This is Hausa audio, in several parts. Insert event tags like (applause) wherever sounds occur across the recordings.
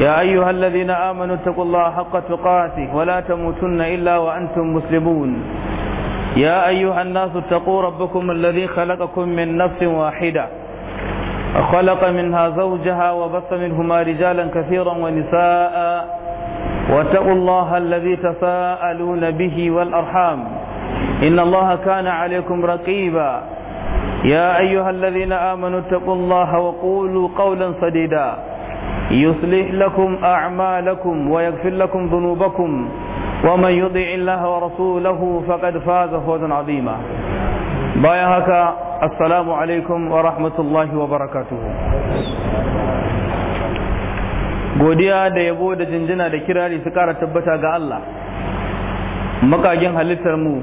يا أيها الذين آمنوا اتقوا الله حق تقاته ولا تموتن إلا وأنتم مسلمون يا أيها الناس اتقوا ربكم الذي خلقكم من نفس واحدة خلق منها زوجها وبث منهما رجالا كثيرا ونساء واتقوا الله الذي تساءلون به والأرحام إن الله كان عليكم رقيبا يا أيها الذين آمنوا اتقوا الله وقولوا قولا سديدا يصلح لكم أعمالكم ويغفر لكم ذنوبكم ومن يطع الله ورسوله فقد فاز فوزا عظيما بايهك السلام عليكم ورحمة الله وبركاته godiya da yabo da jinjina da kirari su kara tabbata ga Allah makagen halittar mu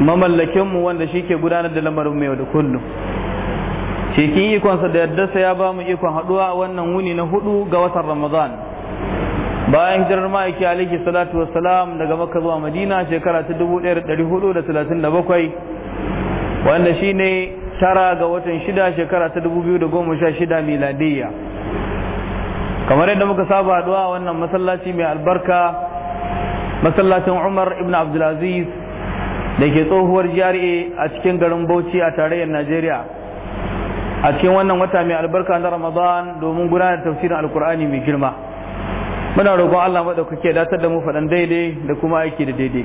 mamallakin mu wanda shike gudanar da lamarin mu yau da kullum cikin ikonsa da yardarsa ya ba mu ikon haɗuwa a wannan wuni na hudu ga watan ramadan bayan hijirar ma'aiki alaihi salatu wassalam daga makka zuwa madina shekara ta 1437 wanda shine tara ga watan shida shekara ta 2016 miladiyya kamar yadda muka saba haɗuwa a wannan masallaci mai albarka masallacin umar ibn abdulaziz da ke tsohuwar jari'a a cikin garin bauchi a tarayyar najeriya a cikin wannan wata mai albarka na ramadan domin gudanar tafsirin alkur'ani mai girma muna roƙon allah maɗaukaki ya datar da mu faɗan daidai da kuma aiki da daidai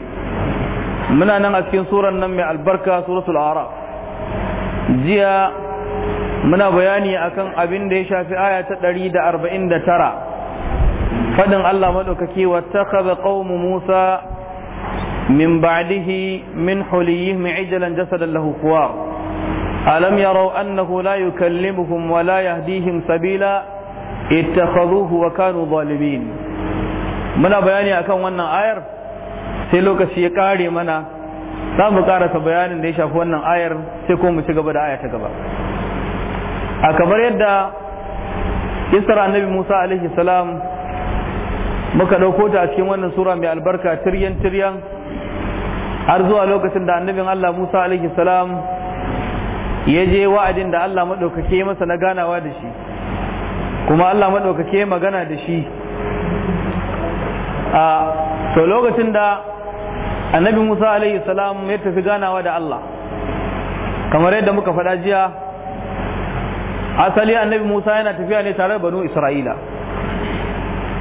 muna nan a cikin suran nan mai albarka suratul araf jiya muna bayani akan abin da ya shafi aya ta tara. faɗin allah maɗaukaki wattakhadha ƙaumu musa min ba'dihi min huliyihim ajalan jasadan lahu khuwar ألم يروا أنه لا يكلمهم ولا يهديهم سبيلا اتخذوه وكانوا ظالمين muna bayani akan wannan ayar sai lokaci ya kare mana za mu karasa bayanin da ya shafi wannan ayar sai kuma mu ci gaba da aya ta gaba a kamar yadda isra annabi musa alaihi salam muka ɗauko ta a cikin wannan sura mai albarka tiryan tiryan har zuwa lokacin da annabin allah musa alaihi salam ya je wa'adin da Allah maɗaukake masa na ganawa da shi kuma Allah maɗaukake magana da shi a to lokacin da annabi Musa alaihi salam ya tafi ganawa da Allah kamar yadda muka faɗa jiya asali annabi Musa yana tafiya ne tare da banu Isra'ila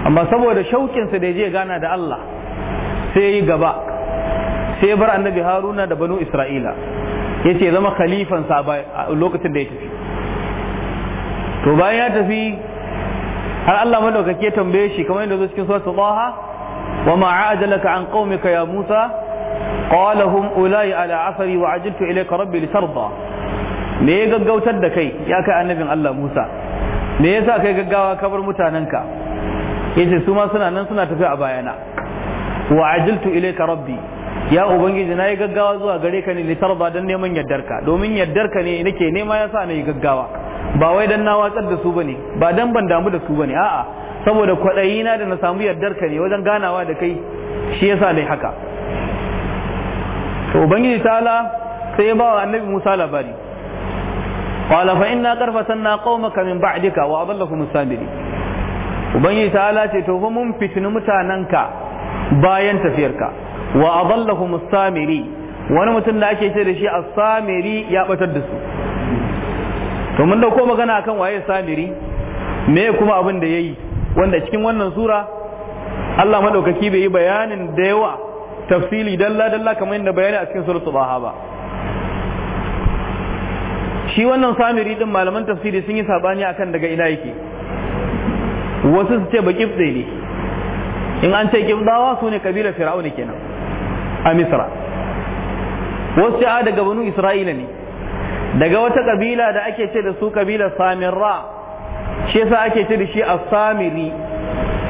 amma saboda shauƙinsa da ya je gana da Allah sai ya yi gaba sai ya bar annabi Haruna da banu Isra'ila ya ce zama khalifansa a lokacin da ya tafi to bayan ya tafi har Allah madaukake tambaye shi kamar yadda zo cikin suratul Taha wa ma ajalaka an qaumika ya Musa qala hum ulai ala asari wa ajiltu ilayka rabbi litarda me ya gaggautar da kai ya kai annabin Allah Musa me yasa kai gaggawa kabar mutanenka yace su ma suna nan suna tafi a bayana wa ajiltu ilayka rabbi ya ubangiji na yi gaggawa zuwa gare ka ne litarba don neman yardarka domin yardarka ne nake nema sa na yi gaggawa ba wai don na watsar da su ba ne, ba dan ban damu da su ba ne, a'a saboda kwaɗayi na da na samu yardarka ne wajen ganawa da kai shi yasa dai haka to ubangiji ta'ala sai ya ba wa annabi Musa labari qala fa inna qad na qaumaka min ba'dika wa adallahum musabiri ubangiji ta'ala ce to fa mun mutanen ka bayan tafiyarka wa adallahum samiri wani mutum da ake ce da shi as-samiri ya batar da su to mun dauko magana akan waye samiri me kuma abin da yayi wanda cikin wannan sura Allah madaukaki bai yi bayanin da yawa tafsili dalla dalla kamar yadda bayani a cikin suratul baha ba shi wannan samiri din malaman tafsiri sun yi sabani akan daga ina yake wasu su ce ba ne in an ce kibdawa su ne kabilar fir'auna kenan a misra wasu ya daga banu isra'ila ne daga wata kabila da ake ce da su kabilar samirra shi yasa ake ce da shi a samiri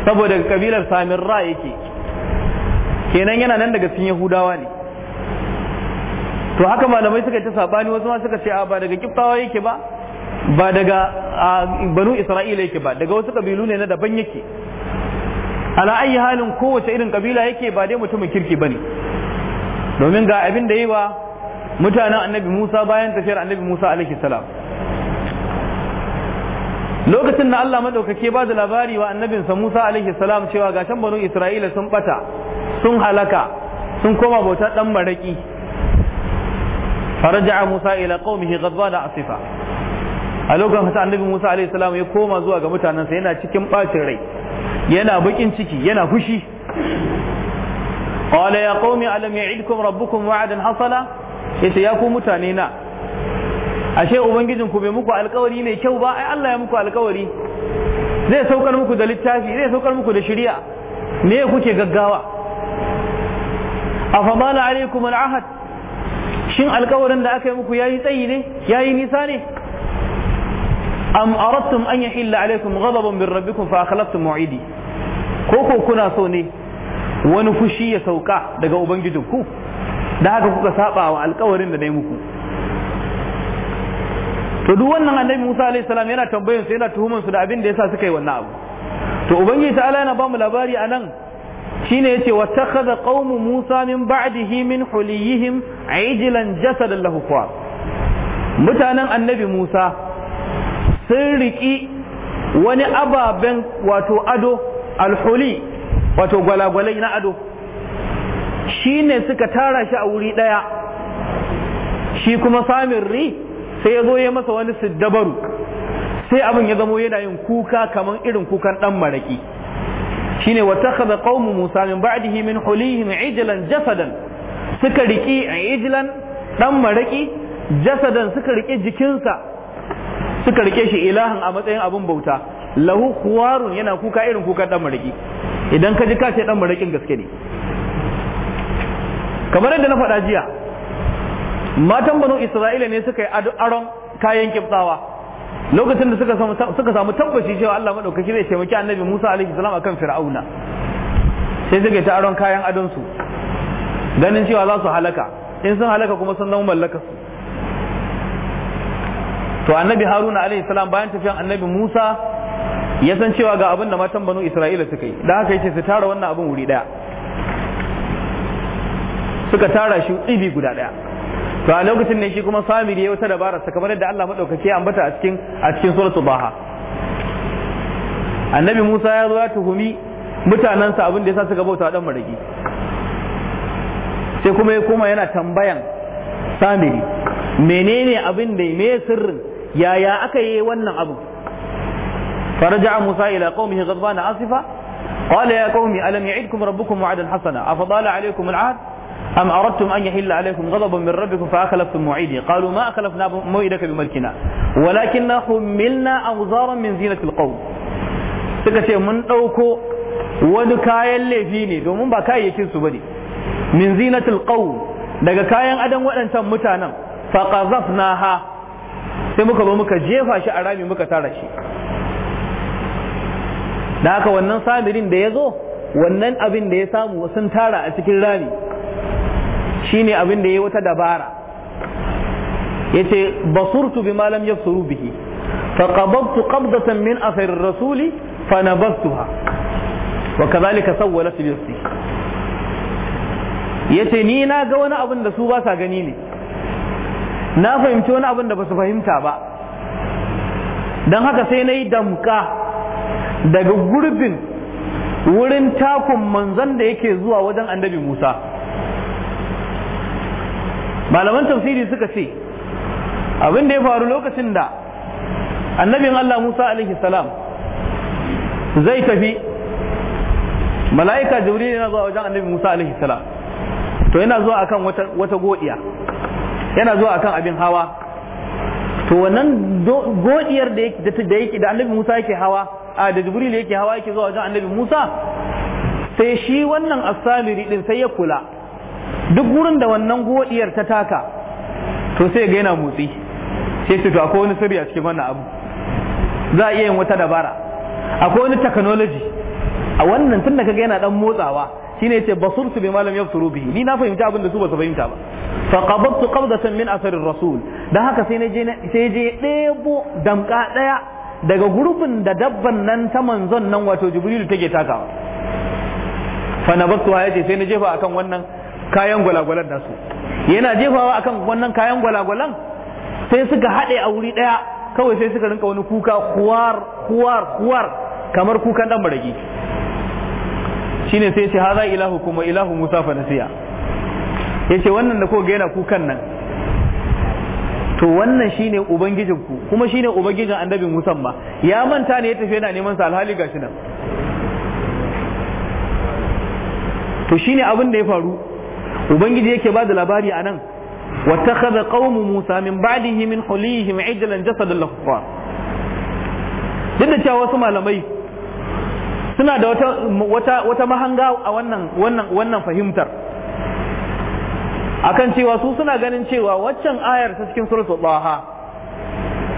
saboda kabilar samirra yake kenan yana nan daga cikin yahudawa ne to haka malamai suka ta sabani wasu ma suka ce a ba daga kiftawa yake ba ba daga banu isra'ila yake ba daga wasu kabilu ne na daban yake ala ayi halin kowace irin kabila yake ba dai mutumin kirki bane domin ga abin da yi wa mutanen annabi Musa bayan tafiyar annabi Musa alaihi salam lokacin da Allah madaukake ba da labari wa annabinsa Musa alaihi salam cewa ga can banu Isra'ila sun bata sun halaka sun koma bautar dan maraki faraja Musa ila qaumihi da asifa a lokacin da annabi Musa alaihi salam ya koma zuwa ga mutanen mutanensa yana cikin bacin rai yana bakin ciki yana fushi qala ya qaumi alam ya'idkum rabbukum wa'adan hasala yace ya ku mutane na ashe ubangijin ku bai muku alkawari mai kyau ba ai Allah ya muku alkawari zai saukar muku da littafi zai saukar muku da shari'a me kuke gaggawa afadala alaikum al'ahad shin alkawarin da aka yi muku yayi tsayi ne yayi nisa ne am aradtum an yahilla alaikum ghadabun min rabbikum fa akhlaftum mu'idi ko ko kuna so ne wani fushi ya sauka daga ubangijinku da haka kuka saba wa alkawarin da na yi muku to duk wannan annabi Musa alaihi salam yana tambayin su yana tuhumin su da abin da yasa suka yi wannan abu to ubangiji ta'ala yana ba mu labari anan shine yace wattakhadha qaumu Musa min ba'dihi min huliyihim ajlan jasadan lahu qawar mutanen annabi Musa sun riki wani ababen wato ado alhuli wato gwalagwalai na ado shi ne suka tara shi a wuri ɗaya shi kuma samin ri sai ya zo ya masa wani siddabaru sai abin ya zamo yana yin kuka kamar irin kukan ɗan maraƙi shine wata kaza ƙaumu musa min ba'dihi min hulihim ijilan jasadan suka riƙi a ijilan ɗan maraƙi jasadan suka riƙe jikinsa suka riƙe shi ilahan a matsayin abin bauta lahu kuwarun yana kuka irin kuka dan maraki idan ka ji kace dan marakin gaske ne kamar yadda na faɗa jiya matan banu isra'ila ne suka yi aron kayan kibtsawa lokacin da suka samu suka samu tabbaci cewa Allah madaukaki zai taimaki annabi Musa alaihi salam akan fir'auna sai suka yi ta aron kayan adon su ganin cewa za su halaka in sun halaka kuma sun zama mallaka su to annabi haruna alaihi salam bayan tafiyan annabi musa ya san cewa ga abin da matan banu isra'ila suka yi da haka yace su tara wannan abin wuri daya suka tara shi tsibi guda daya to a lokacin ne shi kuma samiri ya wata dabara sa kamar yadda Allah madaukake ya ambata a cikin a cikin suratul baha annabi Musa ya zo ya tuhumi mutanansa abin da yasa suka bauta dan maraki sai kuma ya koma yana tambayan samiri menene abin da me sirrin yaya aka yi wannan abin فرجع موسى إلى قومه غضبان عاصفا قال يا قوم ألم يعدكم ربكم وعدا حسنا أفضال عليكم العهد أم أردتم أن يحل عليكم غضب من ربكم فأخلفتم موعدي قالوا ما أخلفنا موعدك بملكنا ولكننا حملنا أوزارا من زينة القوم suka من أوكو ودكايا wani kayan بكايا ne domin ba kayayyakin su bane min zinatul daga kayan adam waɗancan mutanen fa qazafnaha sai muka ba muka jefa shi a rami muka tara shi da haka wannan samirin da ya zo wannan abin da ya samu sun tara a cikin rami Shi ne abin da ya yi wata dabara Ya yace basurtu bima lam yabsuru bihi فقبضت قبضة من أثر الرسول فنبذتها وكذلك سولت نفسي yace ni na ga wani abin da su ba sa gani ne na fahimci wani abin da ba su fahimta ba don haka sai na yi damka daga gurbin wurin takun manzan da yake zuwa wajen annabi Musa malaman tafsiri suka ce abin da ya faru lokacin da annabin Allah Musa alaihi salam zai tafi mala'ika jibril yana zuwa wajen annabi Musa alaihi salam to yana zuwa akan wata wata godiya yana zuwa akan abin hawa to wannan godiyar da yake da annabi Musa yake hawa a da Jibril yake hawa yake zuwa wajen annabi Musa sai shi wannan asamiri din sai ya kula duk gurin da wannan godiyar ta taka to sai ga yana motsi sai to akwai wani sirri a cikin wannan abu za a iya yin wata dabara akwai wani technology a wannan tun da kaga yana dan motsawa shine yace basurtu bi malam yafsuru bihi ni na fahimci abin da su ba su fahimta ba fa qabattu qabdatan min asarir rasul dan haka sai na je sai je debo damka daya daga gurbin da dabban nan ta manzon nan wato jibrilu take takawa fa nabattu yace sai na jefa akan wannan kayan gwalagwalan da su yana jefawa akan wannan kayan gwalagwalan sai suka haɗe a wuri ɗaya kawai sai suka rinka wani kuka kuwar kuwar kuwar kamar kukan dan baragi shine sai ce haza ilahu kuma ilahu musa fa nasiya yace wannan da ko yana kukan nan to wannan shine ubangijin ku kuma shine ubangijin annabi musa ma ya manta ne ya tafi yana neman sa alhali gashi nan to shine abin da ya faru ubangiji yake ba da labari a nan واتخذ قوم موسى من بعده من حليهم عجلا جسدا له duk da cewa wasu malamai suna da wata wata wata mahanga a wannan wannan wannan fahimtar akan cewa su suna ganin cewa waccan ayar ta cikin suratul daha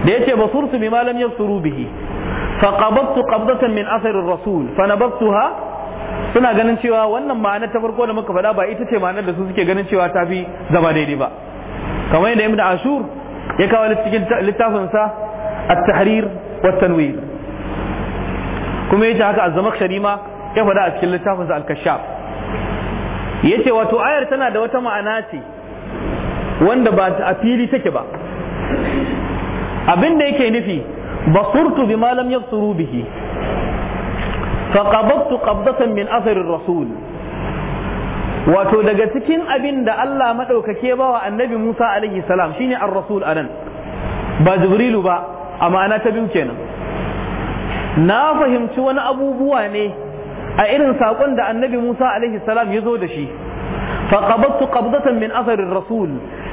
da yace basurtu bima lam yasuru bihi qabattu qabdatan min athari rasul nabattuha suna ganin cewa wannan ma'anar ta farko da muka faɗa ba ita ce ma'anar da su suke ganin cewa ta fi zama daidai ba kamar yadda ibn ashur ya kawo cikin littafin sa at-tahrir wa tanwir kuma yace haka az-zamakhshari ya faɗa a cikin littafinsa al-kashaf yace wato ayar tana da wata ma'ana ce wanda ba a fili take ba abin da yake nufi basurtu bima lam yabsuru bihi faqabtu qabdatan min athari rasul wato daga cikin abin da Allah madaukake bawa annabi Musa alaihi salam shine ar-rasul anan ba jibrilu ba amana ta biyu kenan na fahimci wani abubuwa ne a irin saƙon da annabi Musa alaihi salam ya zo da shi faqabattu qabdatan min atharir rasul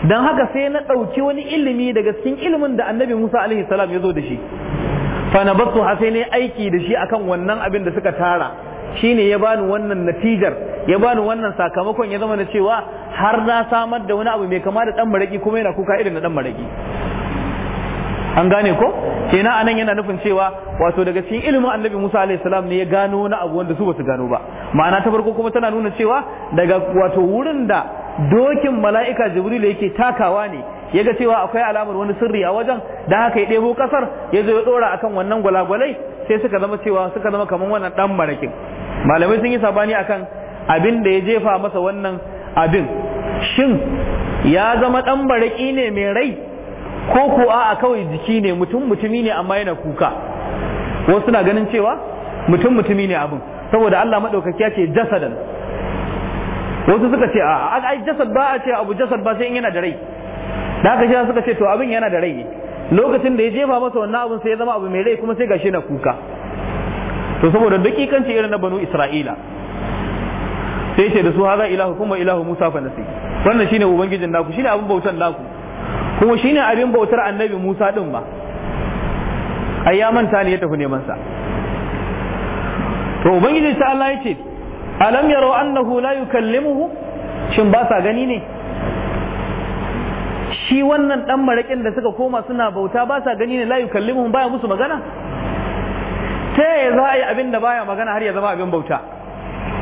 dan haka sai na ɗauki wani ilimi daga cikin ilimin da annabi Musa alaihi salam ya zo da shi fa sai ne aiki da shi akan wannan abin da suka tara shine ya bani wannan natijar ya bani wannan sakamakon ya zama na cewa har na samar da wani abu mai kama da dan maraki kuma yana kuka irin na dan maraki an gane ko kenan anan yana nufin cewa wato daga cikin ilimin annabi Musa alayhi salam ne ya gano na abu wanda su basu gano ba ma'ana ta farko kuma tana nuna cewa daga wato wurin da dokin mala'ika jibril yake takawa ne ya ga cewa akwai alamar wani sirri a wajen da haka ya ɗebo kasar ya zo ya dora akan wannan gwalagwalai sai suka zama cewa suka zama kamar wannan dan marakin malamai sun yi sabani akan abin da ya jefa masa wannan abin shin ya zama dan baraki ne mai rai ko ko a'a kawai jiki ne mutum mutumi ne amma yana kuka wasu na ganin cewa mutum mutumi ne abin saboda Allah madaukaki ya ce jasadan wasu suka ce a'a ai jasad ba a ce abu jasad ba sai in yana da rai da haka shi suka ce to abin yana da rai ne lokacin da ya jefa masa wannan abin sai ya zama abu mai rai kuma sai gashi na kuka to saboda dakikanci irin na banu isra'ila sai ce da su haza ilahu kuma ilahu musa fa nasi wannan shine ubangijin naku shine abin bautan naku kuma shine abin bautar annabi Musa din ba ai ya manta ne ya tafi neman sa to ubangiji ta Allah yace alam yaro annahu la yukallimuhu shin ba sa gani ne shi wannan dan marakin da suka koma suna bauta ba sa gani ne la yukallimuhu baya musu magana ta yaya za a yi abin da baya magana har ya zama abin bauta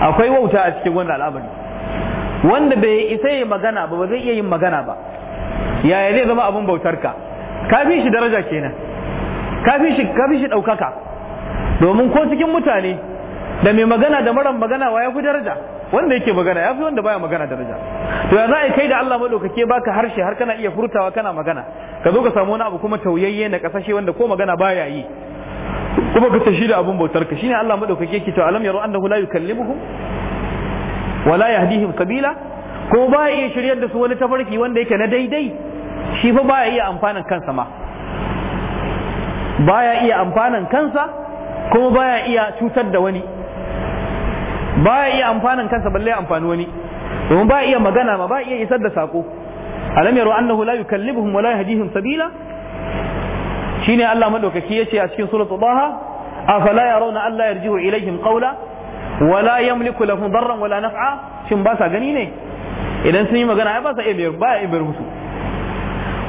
akwai wauta a cikin wannan al'amari wanda bai isa yi magana ba ba zai iya yin magana ba yaya zai zama abin bautar ka fi shi daraja kenan ka fi shi ka fi shi ɗaukaka domin ko cikin mutane da mai magana da maran magana wa ya fi daraja wanda yake magana ya fi wanda baya magana daraja to ya za a kai da Allah madaukake baka harshe har kana iya furtawa kana magana ka zo ka samu wani abu kuma tauyayye na kasashe wanda ko magana baya yi kuma ka tashi da abun bautar ka shine Allah madaukake yake cewa alam yaru annahu la yukallimuhum wala yahdihim sabila ko ba ya iya shiryar da su wani tafarki wanda yake na daidai shi fa baya iya amfanin kansa ma baya iya amfanin kansa kuma baya iya cutar da wani baya iya amfanin kansa balle amfani wani domin baya iya magana ma baya iya isar da sako alam yaro annahu la yukallibuhum wa la yahdihim sabila shine Allah madaukaki yace a cikin suratul Taha afala yarawna alla yarji'u ilaihim qawla wa la yamliku lahum darran wa la naf'a shin ba sa gani ne idan sun yi magana ai ba sa iya ba bayar musu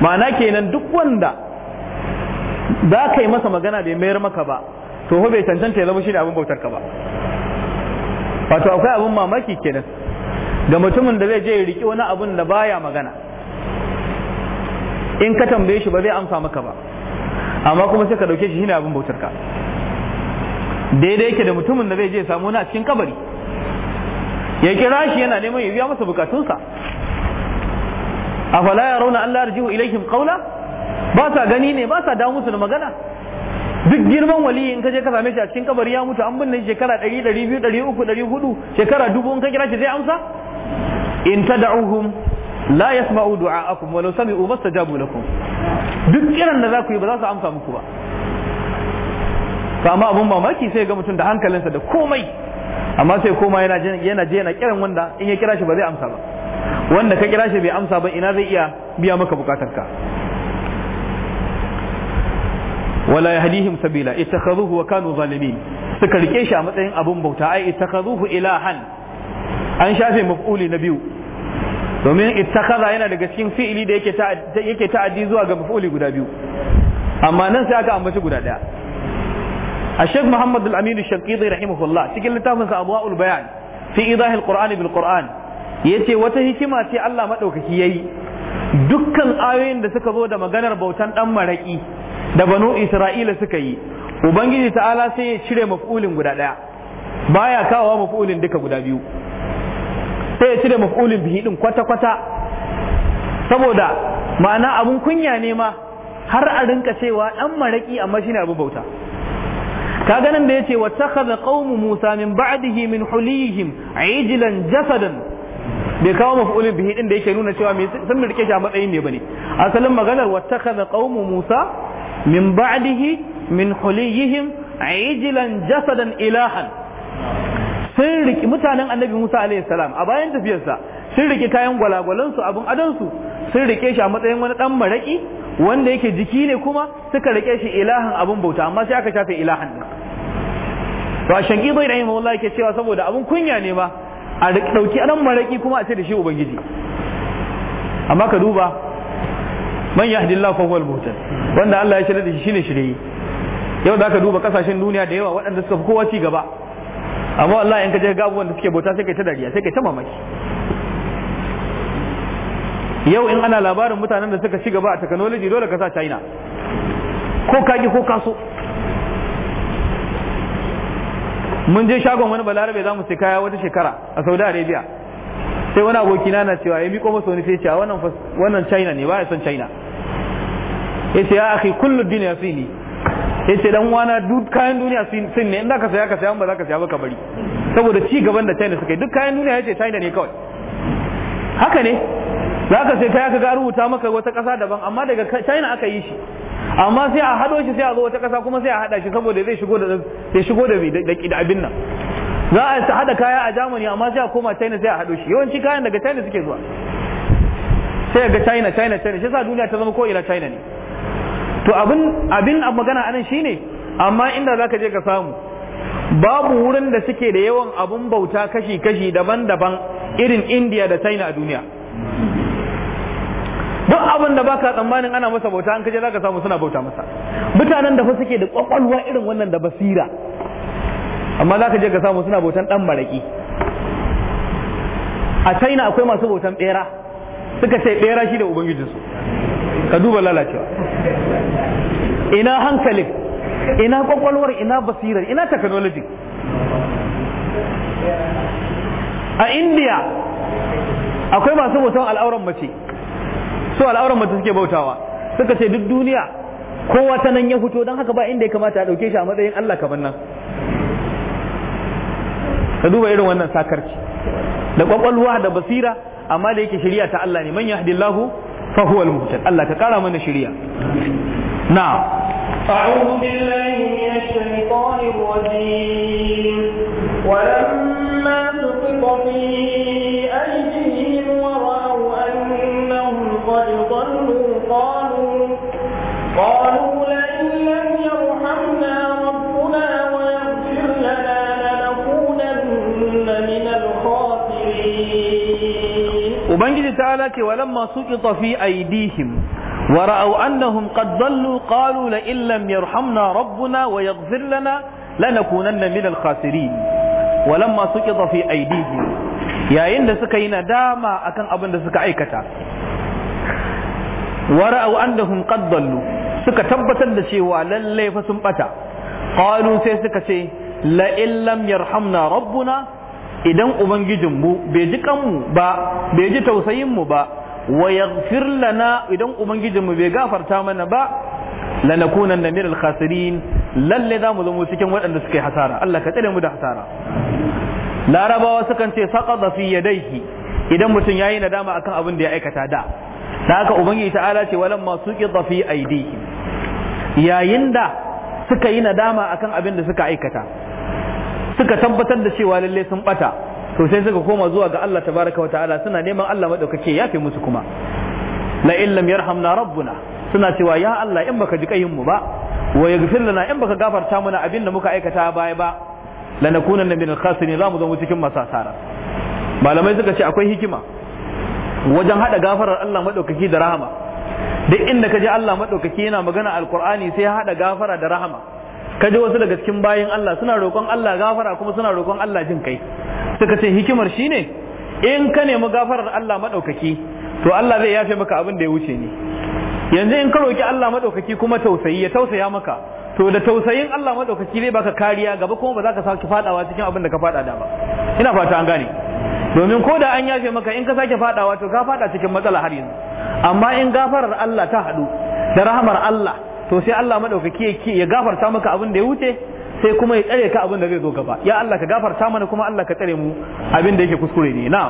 ma'ana kenan duk wanda za ka yi masa magana bai mayar maka ba to ho bai cancanta ya zama shi ne abin bautar ka ba wato akwai abin mamaki kenan ga mutumin da zai je ya riƙi wani abin da baya magana in ka tambaye shi ba zai amsa maka ba amma kuma sai ka ɗauke shi shine abin bautar ka daidai yake da mutumin da zai je samu na cikin kabari ya kira shi yana neman ya biya masa bukatunsa afala yarawna an la yarji'u ilaihim qawla ba sa gani ne ba sa dawo musu da magana duk girman wali in ka je ka same shi a cikin kabari ya mutu an binne shekara 100 200 300 400 shekara dubu in ka kira shi zai amsa in tad'uhum la yasma'u du'a'akum wa law sami'u mastajabu lakum duk kiran da za ku yi ba za su amsa muku ba to amma abun mamaki sai ga mutum da hankalinsa da komai amma sai koma yana je yana kiran wanda in ya kira shi ba zai amsa ba wanda ka kira shi bai amsa ba ina zai iya biya maka bukatarka wala yahdihim sabila ittakhadhuhu wa kanu zalimin suka rike shi a matsayin abun bauta ai ittakhadhuhu ilahan an shafe maf'uli na biyu domin ittakhadha yana daga cikin fi'ili da yake yake ta'addi zuwa ga maf'uli guda biyu amma nan sai aka ambaci guda daya الشيخ محمد الأمين الشنقيطي رحمه الله تقل لتافنس أضواء البيان في إيضاح القرآن بالقرآن yace wata hikima ce Allah maɗaukaki ya yi dukkan ayoyin da suka zo da maganar bautan ɗan maraƙi da banu Isra'ila suka yi ubangiji ta'ala sai ya cire maf'ulin guda ɗaya baya kawo maf'ulin duka guda biyu sai ya cire maf'ulin bihi din kwata-kwata saboda ma'ana abun kunya ne ma har a rinka cewa ɗan maraƙi amma shine abu bauta ka ganin da ya yace wattakhadha qaumu Musa min ba'dihi min hulihim ijilan jasadan bai kawo maf'ulin bihi din da yake nuna cewa mai sun da rike shi a matsayin ne bane asalin maganar wattakhadha qaumu musa min ba'dihi min huliyihim ajlan jasadan ilahan sun riki mutanen annabi musa alayhi salam a bayan tafiyarsa sun riki kayan gwalansu abin adansu sun rike shi a matsayin wani dan maraki wanda yake jiki ne kuma suka rike shi ilahan abin bauta amma sai aka shafe ilahan din to a shanki bai da yin yake cewa saboda abin kunya ne ba a ɗauki anan maraƙi kuma a ce da shi ubangiji amma ka duba man yahdillahu fa huwal muhtad wanda Allah ya shirya da shi shine shirye yau da ka duba kasashen duniya da yawa waɗanda suka fi kowa ci gaba amma Allah in ka je gabu da suke bauta sai kai ta dariya sai kai ta mamaki yau in ana labarin mutanen da suka ci gaba a technology dole ka sa China ko kage ko kaso. so mun je shagon wani balarabe za mu kaya wata shekara a saudi arabia sai wani abokina na cewa ya eh, miko masa wani sai cewa ah, wannan china ne ba ya son china Ya ce ya duniya sun ne ya ce dan wana duk kayan duniya sin ne in ka saya ka saya ba za ka saya ba ka bari saboda ci gaban da china suka yi duk kayan duniya ya ce china ne kawai haka ne za ka sai kaya ka ga rubuta maka wata ƙasa daban amma daga china aka yi shi amma sai a hado shi sai a zo wata kasa kuma sai a hada shi saboda zai shigo da zai shigo da da abin nan za a hada kaya a Germany amma sai a koma China sai a hado shi yawanci kayan daga China suke zuwa sai ga China China China shi yasa duniya ta zama ko ila China ne to abin abin magana anan shine amma inda zaka je ka samu babu wurin da suke da yawan abun bauta kashi kashi daban-daban irin India da China a duniya duk abin da baka tsammanin ana masa bauta an kaje zaka samu suna bauta masa mutanen da fa suke da kwakwalwa irin wannan da basira amma zaka je ka samu suna bautan dan baraki a China akwai masu bautan bera suka ce bera shi da ubangijinsu ka duba lalacewa ina hankalin ina kwakwalwar ina basirar ina technology a india akwai masu bautan al'auran mace su al'auran mace suke bautawa suka ce duk duniya kowa ta nan ya fito don haka ba inda ya kamata a ɗauke shi a matsayin Allah kamar nan ka duba irin wannan sakarci da kwakwalwa da basira amma da yake shari'a ta Allah ne man yahdillahu fa huwa al-muhtad Allah ka kara mana shari'a na a'udhu billahi minash shaitanir rajim walamma tuqita fi قالوا لئن لم يرحمنا ربنا ويغفر لنا لنكونن من الخاسرين وبنجي تعالى ولما سقط في أيديهم ورأوا أنهم قد ضلوا قالوا لئن لم يرحمنا ربنا ويغفر لنا لنكونن من الخاسرين ولما سقط في أيديهم يا إن سكينا داما أكن أبن سكا أيكتا ورأوا أنهم قد ضلوا suka tabbatar da cewa lallai fa sun bata qalu sai suka ce la illam yarhamna rabbuna idan ubangijinmu bai ji kanmu ba bai ji tausayin mu ba wa yaghfir lana idan ubangijinmu bai gafarta mana ba lanakunanna min al-khasirin lalle za mu zama cikin waɗanda suka yi hasara Allah ka tsare mu da hasara larabawa sukan ce saqada fi yadayhi idan mutum yayi nadama akan abin da ya aikata da da haka ubangiji ta'ala ce walamma suqida fi aidihim yayin da suka yi nadama akan abin da suka aikata suka tabbatar da cewa lalle sun bata to sai suka koma zuwa ga Allah tabaraka wa ta'ala suna neman Allah madaukake ya fi musu kuma la in lam yarhamna rabbuna suna cewa ya Allah in baka ji kayin mu ba wa yaghfir lana in baka gafarta mana abin da muka aikata baya ba lanakunanna min al-khasirin za mu zama cikin masasara malamai suka ce akwai hikima wajen hada gafarar Allah madaukaki da rahama duk inda ka ji Allah maɗaukaki yana magana alkur'ani sai ya haɗa gafara da rahama ka wasu daga cikin bayan Allah suna roƙon Allah gafara kuma suna roƙon Allah jin kai suka ce hikimar shine in ka nemi gafarar Allah maɗaukaki to Allah zai yafe maka abin da ya wuce ne yanzu in ka roƙi Allah maɗaukaki kuma tausayi ya tausaya maka to da tausayin Allah maɗaukaki zai baka kariya gaba kuma ba za ka sake faɗawa cikin abin da ka faɗa da ba ina fata an gane domin ko da an yafe maka in ka sake fadawa to ka fada cikin matsala har yanzu amma in gafarar Allah ta hadu da rahamar Allah to sai Allah madaukaki ya gafarta maka abin da ya wuce sai kuma ya tsare ka abin da zai zo gaba ya Allah ka gafarta mana kuma Allah ka tsare mu abin da yake kuskure ne na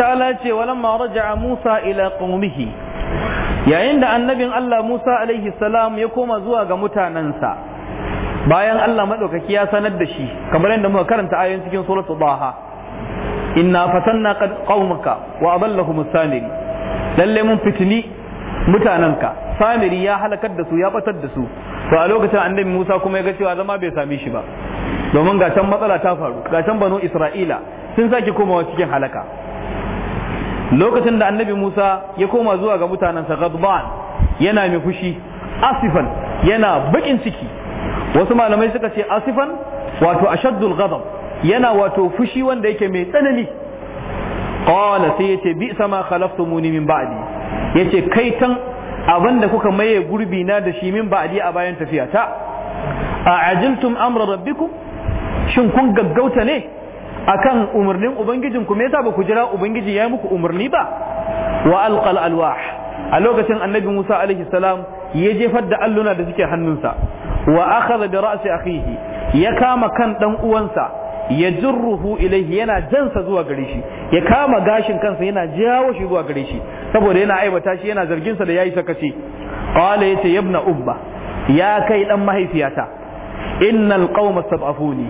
ta'ala ce walamma raja'a Musa ila qaumihi yayin da annabin Allah Musa alaihi salam ya koma zuwa ga mutanansa bayan Allah madaukaki ya sanar da shi kamar yadda muka karanta ayoyin cikin suratul Baha inna fatanna qaumaka wa adallahum samiri lalle mun fitini mutanenka samiri ya halakar da su ya batar da su to a lokacin annabi Musa kuma ya ga cewa zama bai same shi ba domin ga can matsala ta faru ga can banu Isra'ila sun sake komawa cikin halaka lokacin da annabi Musa ya koma zuwa ga mutanensa ghadban yana mai fushi asifan yana bakin ciki wasu malamai suka ce asifan wato ashaddul ghadab yana wato fushi wanda yake mai tsanani qala sai yace bi sama khalaftumuni min ba'di yace kai tan abin da kuka maye gurbi na da shi min ba'di a bayan tafiya ta a ajiltum amra rabbikum shin kun gaggauta ne akan umarnin ubangijin ku me yasa ba ku jira ubangiji ya muku umarni ba wa alqal alwah a lokacin annabi Musa alaihi salam ya jefar da alluna da suke hannunsa wa akhadha bi ra'si akhihi ya kama kan dan uwansa ya jirruhu ilaihi yana jansa zuwa gare shi ya kama gashin kansa yana jawo shi zuwa gare shi saboda yana aibata shi yana zargin sa da yayi sakaci qala yace yabna ubba ya kai dan mahaifiyata innal qauma sab'afuni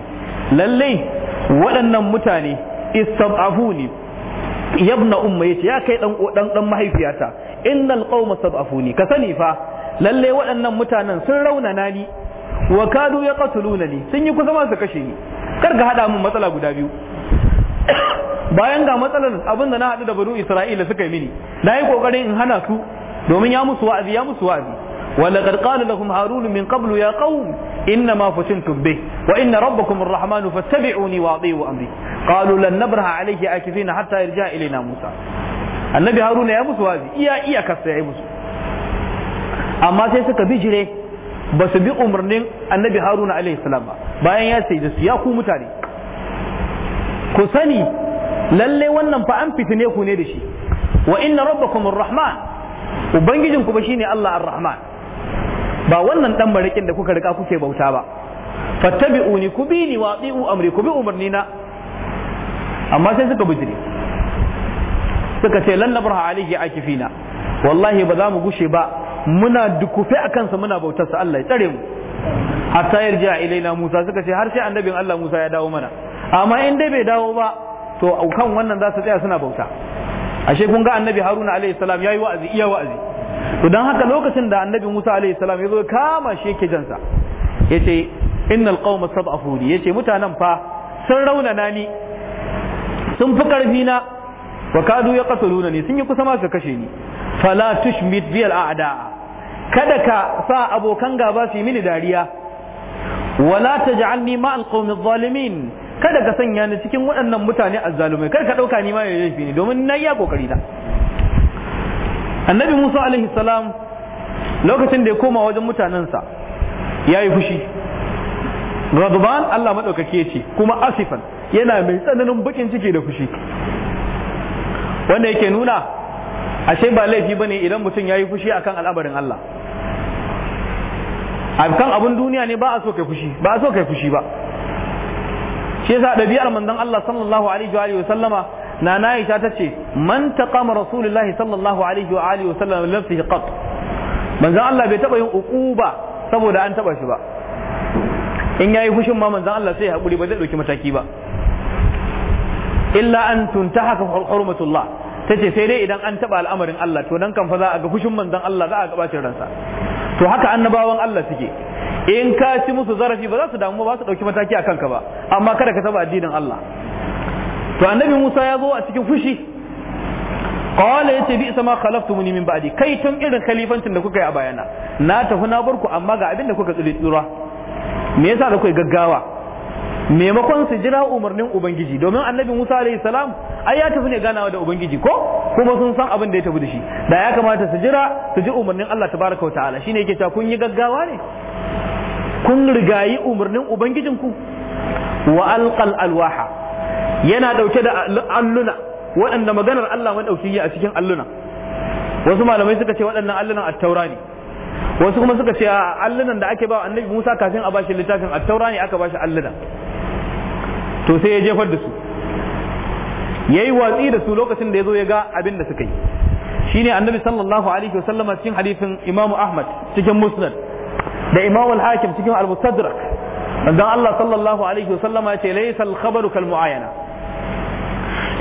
lalle waɗannan mutane istab'afuni yabna umma yace ya kai dan dan dan mahaifiyata innal qauma sab'afuni ka sani fa lalle waɗannan mutanen sun raunana ni wa kadu ya qatuluna ni sun yi kusa ma kashe ni kar ka hada mun matsala guda biyu (coughs) bayan ga matsalar abin da na haɗu da banu isra'ila suka yi mini na yi ƙoƙarin in hana su domin ya musu wa'azi ya musu wa'azi ولقد قال لهم هارون من قبل يا قوم إنما فتنتم به وإن ربكم الرحمن فاتبعوني وأطيعوا أمري قالوا لن نبرح عليه عاكفين حتى يرجع إلينا موسى النبي هارون يا موسى هذه إيا إيا كسر يا موسى أما سيسك بجري بس بأمرنين النبي هارون عليه السلام bayan ya sai da su ya ku mutane ku sani lalle wannan fa an fitine ku ne da shi wa inna rabbakum arrahman ubangijinku ba shine Allah arrahman ba wannan dan barikin da kuka rika kuke bauta ba fattabi'uni ku bi ni wati'u amri ku bi umarni na amma sai suka bijire suka ce lan nabraha alayhi akifina wallahi ba za mu gushe ba muna dukufe a kansa muna bautar sa Allah ya tsare mu hatta yarja ilaina Musa suka ce har sai annabin Allah Musa ya dawo mana amma in dai bai dawo ba to aukan wannan za su tsaya suna bauta ashe kun ga annabi Haruna alayhi salam yayi wa'azi iya wa'azi to haka lokacin da annabi Musa alaihi salam ya zo kama shi yake jansa yace innal qauma sab'afuni ce mutanen fa sun raunana ni sun fi ƙarfi na wa kadu ya qataluna ne sun yi kusa ma su kashe ni fala tushmit bi al a'da kada ka sa abokan gaba su yi mini dariya wala taj'alni ma al qaumi zalimin kada ka sanya ni cikin waɗannan mutane azzalumai kada ka dauka ni ma yayin ne domin nayi ya kokari na annabi musa alaihi salam lokacin da ya koma wajen mutanensa ya yi fushi radban allah maɗaukaki ya ce kuma asifan yana mai tsananin bakin ciki da fushi wanda yake nuna ashe ba laifi ne idan mutum ya yi fushi akan al'abarin allah akan abun duniya ne ba a so kai fushi ba a so kai fushi ba shi yasa ɗabi'ar manzon allah sallallahu alaihi wa sallama na na tace man taqama Rasulullahi sallallahu alaihi wa alihi wa sallam nafsihi qat manzon Allah bai taba yin uquba saboda an taba shi ba in yayi fushin ma manzon Allah sai hakuri ba zai dauki mataki ba illa an tuntahaka hurmatullah tace sai dai idan an taba al'amarin Allah to nan kan fa za a ga fushin manzon Allah za a ga bacin ransa to haka annabawan Allah suke in ka ci musu zarafi ba za su damu ba su dauki mataki akan ka ba amma kada ka taba addinin Allah to annabi Musa ya zo a cikin fushi qala yace bi sama khalaftumuni min ba'di kai tun irin khalifancin da kuka yi a bayana na tafi na barku amma ga abin da kuka tsiri tsura me yasa da kuka gaggawa maimakon su jira umarnin ubangiji domin annabi Musa alaihi salam ai ya tafi ne ganawa da ubangiji ko kuma sun san abin da ya tafi da shi da ya kamata su jira su ji umarnin Allah tabaraka wa ta'ala shine yake cewa kun yi gaggawa ne kun rigayi umarnin ubangijinku wa alqal alwaha yana dauke da alluna waɗanda maganar Allah maɗauki a cikin alluna wasu malamai suka ce waɗannan allunan attaura ne wasu kuma suka ce allunan da ake ba annabi Musa kafin a bashi littafin attaura ne aka bashi alluna to sai ya jefar da su ya yi watsi da su lokacin da ya zo ya ga abin da suka yi shi ne annabi sallallahu alaihi wa sallama cikin hadifin imam'u Ahmad cikin Musnad da Imam al-Hakim cikin al-Mustadrak dan Allah sallallahu alaihi wa wasallam ya ce laysa al-khabaru kal mu'ayana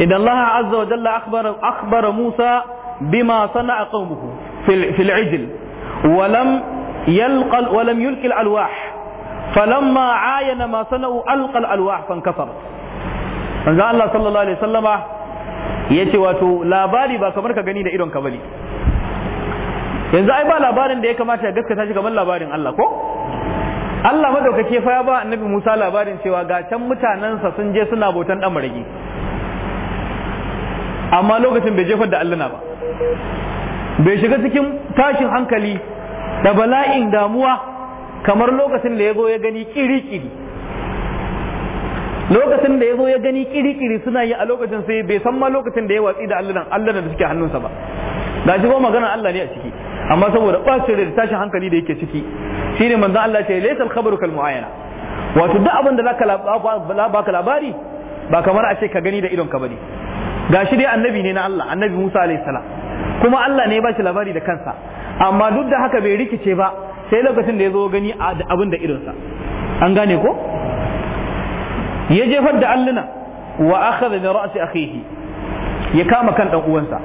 إن الله عز وجل أخبر, أخبر موسى بما صنع قومه في, في العجل ولم يلقى ولم يلقي الألواح فلما عاين ما صنعوا ألقى الألواح فانكسرت manzo Allah sallallahu alaihi sallama ya ce wato labari ba kamar ka gani da idon ka bane yanzu ai ba labarin da ya kamata ya gaskata shi kamar labarin Allah ko Allah madaukake fa ya ba annabi Musa labarin cewa ga can mutanensa sun je suna bautan dan marigi amma lokacin bai jefar da alluna ba bai shiga cikin tashin hankali da bala'in damuwa kamar lokacin da ya zo ya gani kiri-kiri lokacin da ya zo ya gani kiri-kiri suna yi a lokacin sai bai san ma lokacin da ya watsi da allunan allunan da suke hannunsa ba da ji ba magana Allah ne a ciki amma saboda bacin da tashin hankali da yake ciki shine manzon Allah ce laysa al-khabaru kal mu'ayana wato duk abin da zaka baka labari ba kamar a ce ka gani da idon ka bane gashi dai annabi ne na Allah annabi Musa alaihi salam kuma Allah ne ya bashi labari da kansa amma duk da haka bai rikice ba sai lokacin da ya zo gani abin da irinsa an gane ko ya jefar da alluna wa akhadha bi ra'si akhihi ya kama kan dan uwansa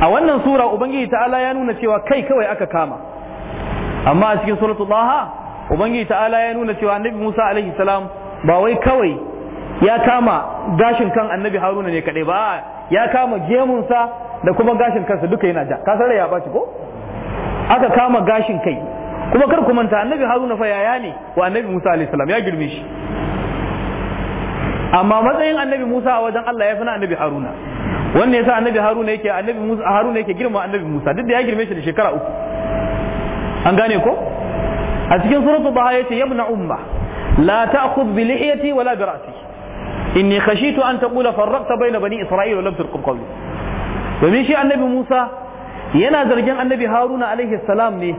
a wannan sura ubangiji ta'ala ya nuna cewa kai kawai aka kama amma a cikin suratul taha ubangiji ta'ala ya nuna cewa annabi Musa alaihi salam ba wai kawai ya kama gashin kan annabi haruna ne kadai ba ya kama gemunsa da kuma gashin kansa duka yana ja ka sarra ya bashi ko aka kama gashin kai kuma kar ku manta annabi haruna fa yaya ne wa annabi musa alayhi salam ya girme shi amma matsayin annabi musa a wajen allah ya fi na annabi haruna wanne yasa annabi haruna yake annabi musa haruna yake girma annabi musa duk da ya girme shi da shekara uku an gane ko a cikin suratul baha yace yabna umma la ta'khudh bi lihiyati wala bi ra'si inni khashitu an taqula farraqta bayna bani isra'ila wa lam turqum qawli domin shi annabi Musa yana zargin annabi Haruna alaihi salam ne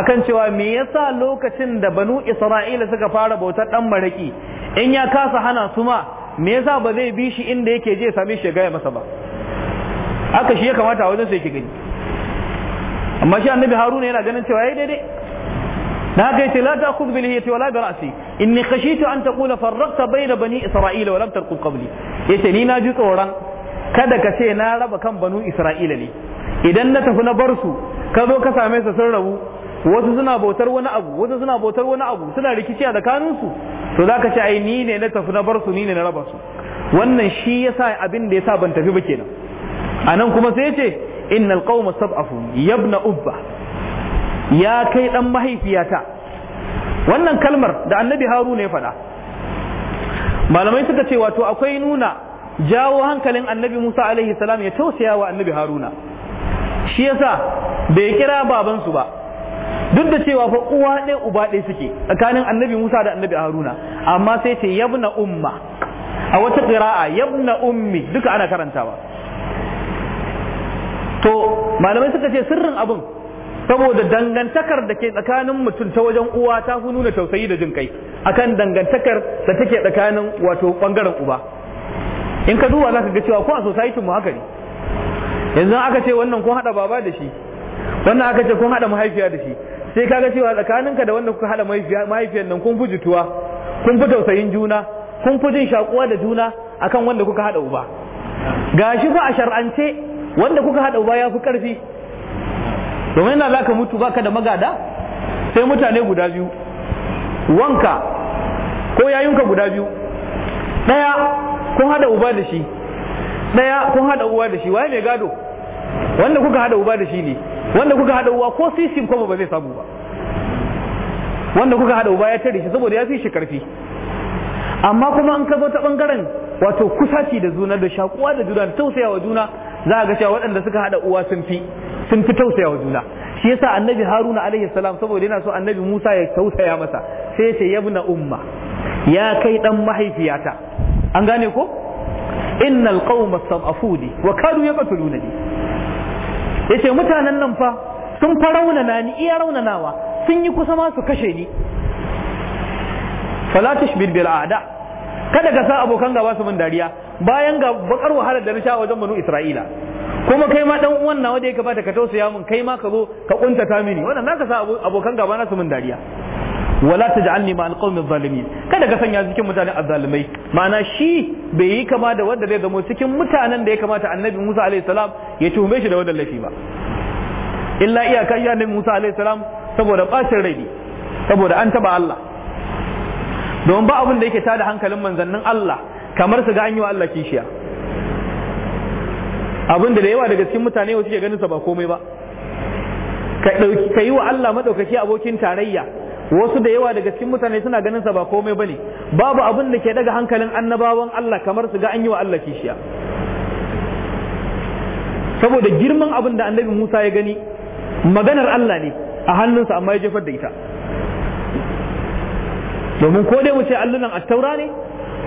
akan cewa me yasa lokacin da banu Isra'ila suka fara bautar dan maraki in ya kasa hana su ma me yasa ba zai bi shi inda yake je same shi gaya masa ba haka shi ya kamata a wajen sai yake gani amma shi annabi Haruna yana ganin cewa yayi daidai da haka yace la ta'khudh bi wa wala bi ra'si inni khashitu an taqula farraqta bayna bani isra'ila wa lam tarqub qabli yace ni na ji tsoron kada ka ce na raba kan banu isra'ila ne idan na tafi na bar su ka zo ka same su sun rabu wasu suna bautar wani abu wasu suna bautar wani abu suna rikici a su to zaka ce ai ni ne na tafi na bar su ni ne na raba su wannan shi yasa abin da yasa ban tafi ba kenan anan kuma sai yace innal qauma sabafun yabna ubba ya kai dan mahaifiyata wannan kalmar da annabi haruna ya faɗa malamai suka ce wato akwai nuna jawo hankalin annabi musa alaihi salam ya tausaya wa annabi haruna shi yasa bai kira babansu ba duk da cewa fa uwa ɗaya uba ɗaya suke tsakanin annabi musa da annabi haruna amma sai ce yabna umma a wata ƙira'a yabna ummi duka ana karantawa to malamai suka ce sirrin abin saboda dangantakar da ke tsakanin mutum ta wajen uwa ta fi nuna tausayi da jin kai akan dangantakar da take tsakanin wato bangaren uba in ka duba za ka ga cewa ko a society mu haka ne yanzu aka ce wannan kun hada baba da shi wannan aka ce kun hada mahaifiya da shi sai ka ga cewa tsakaninka da wanda kuka hada mahaifiyar nan kun fi jituwa kun fi tausayin juna kun fi jin shakuwa da juna akan wanda kuka hada uba gashi fa a shar'ance wanda kuka hada uba ya fi karfi domin yana za ka mutu ba ka da magada sai mutane guda biyu wanka ko yayunka guda biyu ɗaya kun haɗa uba da shi ɗaya kun haɗa uwa da shi waye mai gado wanda kuka haɗa uba da shi ne wanda kuka haɗa uwa ko sisim kuma ba zai samu ba wanda kuka haɗa uba ya tare shi saboda ya fi shi karfi amma kuma an ka zo ta ɓangaren wato kusaci da juna da shakuwa da juna da tausayawa juna za a ga cewa waɗanda suka haɗa uwa sun fi sun fi tausaya wa juna shi yasa annabi haruna alaihi salam saboda yana so annabi musa ya tausaya masa sai ya ce yabna umma ya kai dan mahaifiyata an gane ko innal qauma sab'afuni wa kanu yaqtulunani yace mutanen nan fa sun fa raunana ni iya raunanawa sun yi kusa ma su kashe ni fala tashbir bil a'da kada ka sa abokan gaba su min dariya bayan ga bakar wahalar da na sha wajen banu isra'ila kuma kai ma dan uwan nawa da ya kamata ka tausaya mun kai ma ka zo ka kuntata mini wannan naka sa abokan gaba na su mun dariya wala taj'alni ma alqawmi adh-dhalimin kada ka sanya cikin mutanen azzalimai ma'ana shi bai yi kama da wanda zai zama cikin mutanen da ya kamata annabi Musa alaihi salam ya tuhume shi da wannan laifi ba illa iyaka ya annabi Musa alaihi salam saboda bacin rai saboda an taba Allah domin ba abin da yake tada hankalin manzannin Allah kamar su ga an yi wa Allah kishiya abin da yawa daga cikin mutane wasu ke ganin sa ba komai ba ka yi wa Allah madaukaki abokin tarayya wasu da yawa daga cikin mutane suna ganin sa ba komai bane babu abin da ke daga hankalin annabawan Allah kamar su ga an yi wa Allah kishiya saboda girman abin da annabi Musa ya gani maganar Allah ne a hannunsa amma ya jefar da ita domin ko dai mu ce allunan attaura ne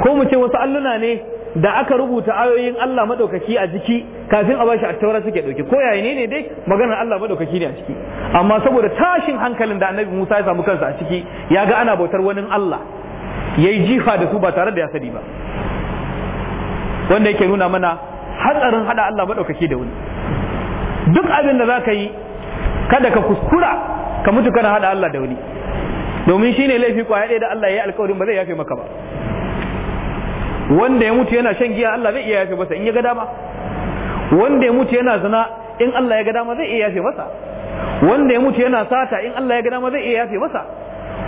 ko mu ce wasu alluna ne da aka rubuta ayoyin Allah maɗaukaki a jiki kafin a bashi a attaura suke dauki ko yayi ne ne dai maganar Allah madaukaki ne a ciki amma saboda tashin hankalin da annabi Musa ya samu kansa a ciki ya ga ana bautar wani Allah yayi jifa da su ba tare da ya sadi ba wanda yake nuna mana hatsarin hada Allah madaukaki da wani duk abin da zaka yi kada ka kuskura ka mutu kana hada Allah da wani domin shine laifi kwaya da Allah ya yi alkawarin ba zai yafe maka ba wanda ya mutu yana shan giya Allah zai iya yafe masa in ya ga dama wanda ya mutu yana zina in Allah ya ga dama zai iya yafe masa wanda ya mutu yana sata in Allah ya ga dama zai iya yafe masa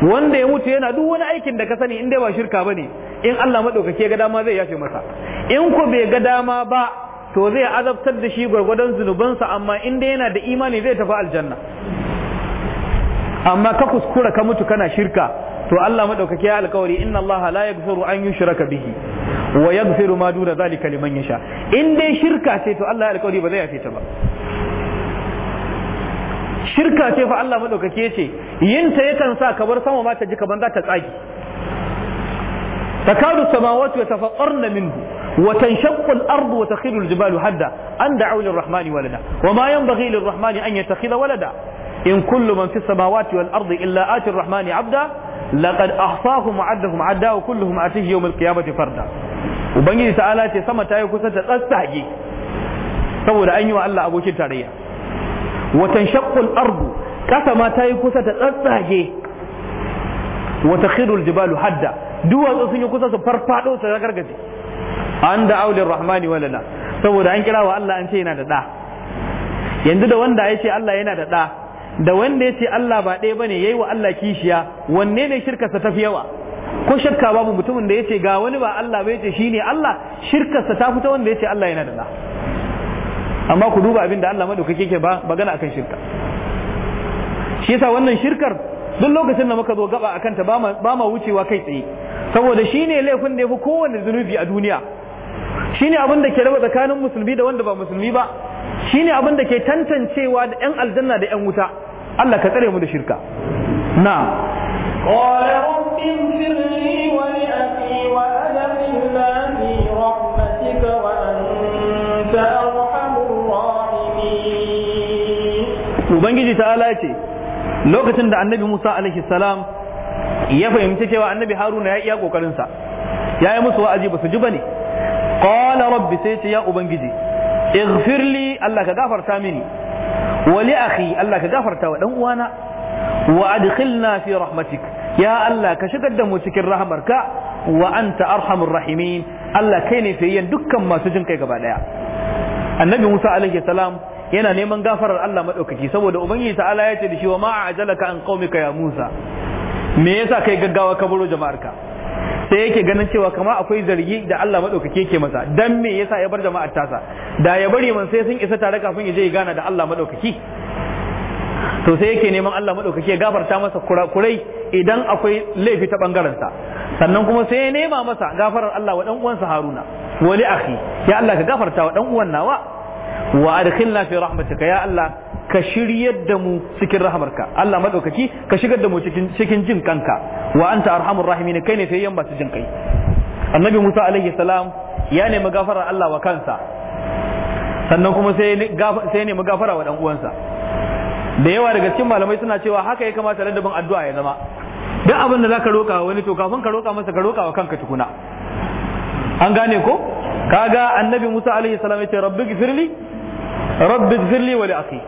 wanda ya mutu yana duk wani aikin da ka sani in dai ba shirka bane in Allah madaukake ga dama zai yafe masa in ko bai ga dama ba to zai azabtar da shi gwargwadon zunubansa amma in dai yana da imani zai tafi aljanna amma ka kuskura ka mutu kana shirka to Allah madaukaki ya alkawari inna Allah la yaghfiru an yushraka bihi wa yaghfiru ma duna zalika liman yasha in dai shirka ce to Allah ya alkawari ba zai yafe ta ba shirka ce fa Allah madaukaki ya ce yin ta yakan sa kabar sama ma ta ji kaban za ta tsagi takadu samawati wa tafaqqarna minhu وتنشق الأرض وتخل الجبال هدا أن دعوا للرحمن ولدا وما ينبغي للرحمن أن يتخذ walada? in kullu man fi samawati wal ardi illa ati rahmani abda laqad ahsahum wa addahum adda wa kulluhum atihi yawm al qiyamati farda ubangiji ta'ala ce sama ta yi kusa ta tsatsage saboda an yi wa Allah abokin tarayya wa tanshaqqu al ardu kasa ma ta yi kusa ta tsatsage wa takhiru al jibalu hadda duwatsu sun yi kusa su farfado su gargaje an da aulin rahmani walala saboda an kira wa Allah an ce yana da ɗa yanzu da wanda ya ce Allah yana da ɗa da wanda ya ce Allah ba ɗaya bane yayi wa Allah kishiya wanne ne shirkarsa tafi yawa ko shakka babu mutumin da ya ce ga wani ba Allah ba ya ce shine Allah shirkarsa ta fita wanda ya ce Allah yana da da amma ku duba abin da Allah madaukake ke ba magana akan shirka shi yasa wannan shirkar duk lokacin da muka zo gaba akan ta ba ma wucewa kai tsaye saboda shine laifin da fi kowanne zunubi a duniya shine abin da ke raba tsakanin musulmi da wanda ba musulmi ba shine abin da ke tantancewa da yan aljanna da yan wuta Allah ka tsare mu da shirka na'am qala rabbi firli ubangiji ta'ala ce lokacin da annabi Musa alaihi salam ya fahimci cewa annabi Haruna ya iya kokarin sa yayi musu wa'azi ba su ji ne. qala rabbi sai ce ya ubangiji ighfirli Allah ka gafarta mini wa li akhi Allah ka gafarta wa dan uwana wa adkhilna fi rahmatik ya Allah ka shigar da mu cikin rahamarka wa anta arhamur rahimin Allah kai ne fiyayyen dukkan masu jin kai gaba daya annabi Musa alaihi salam yana neman gafarar Allah madaukaki saboda ubangiji ta'ala ya ce da shi wa ma ajalaka an qaumika ya Musa me yasa kai gaggawa ka buro jama'arka sai yake ganin cewa kama akwai zargi da Allah madaukake yake masa dan me yasa ya bar jama'ar tasa da ya bari man sai sun isa tare kafin ya je ya gana da Allah madaukaki to sai yake neman Allah madaukake ya gafarta masa kurakurai idan akwai laifi ta bangaren sa sannan kuma sai ya nema masa gafarar Allah wa dan uwansa Haruna wali akhi ya Allah ka gafarta wa dan uwan nawa wa adkhilna fi rahmatika ya Allah ka shiryar da mu cikin rahamarka Allah madaukaki ka shigar da mu cikin cikin jin kanka wa anta arhamur rahimin kai ne sai fayyan su jin kai annabi Musa alaihi salam ya nemi gafarar Allah wa kansa sannan kuma sai sai nemi gafara wa dan uwansa da yawa daga cikin malamai suna cewa haka ya kamata ladabin addu'a ya zama duk abin da zaka roka wani to kafin ka roka masa ka roka wa kanka tukuna an gane ko kaga annabi Musa alaihi salam ya ce rabbi gfirli rabbi gfirli wa li akhi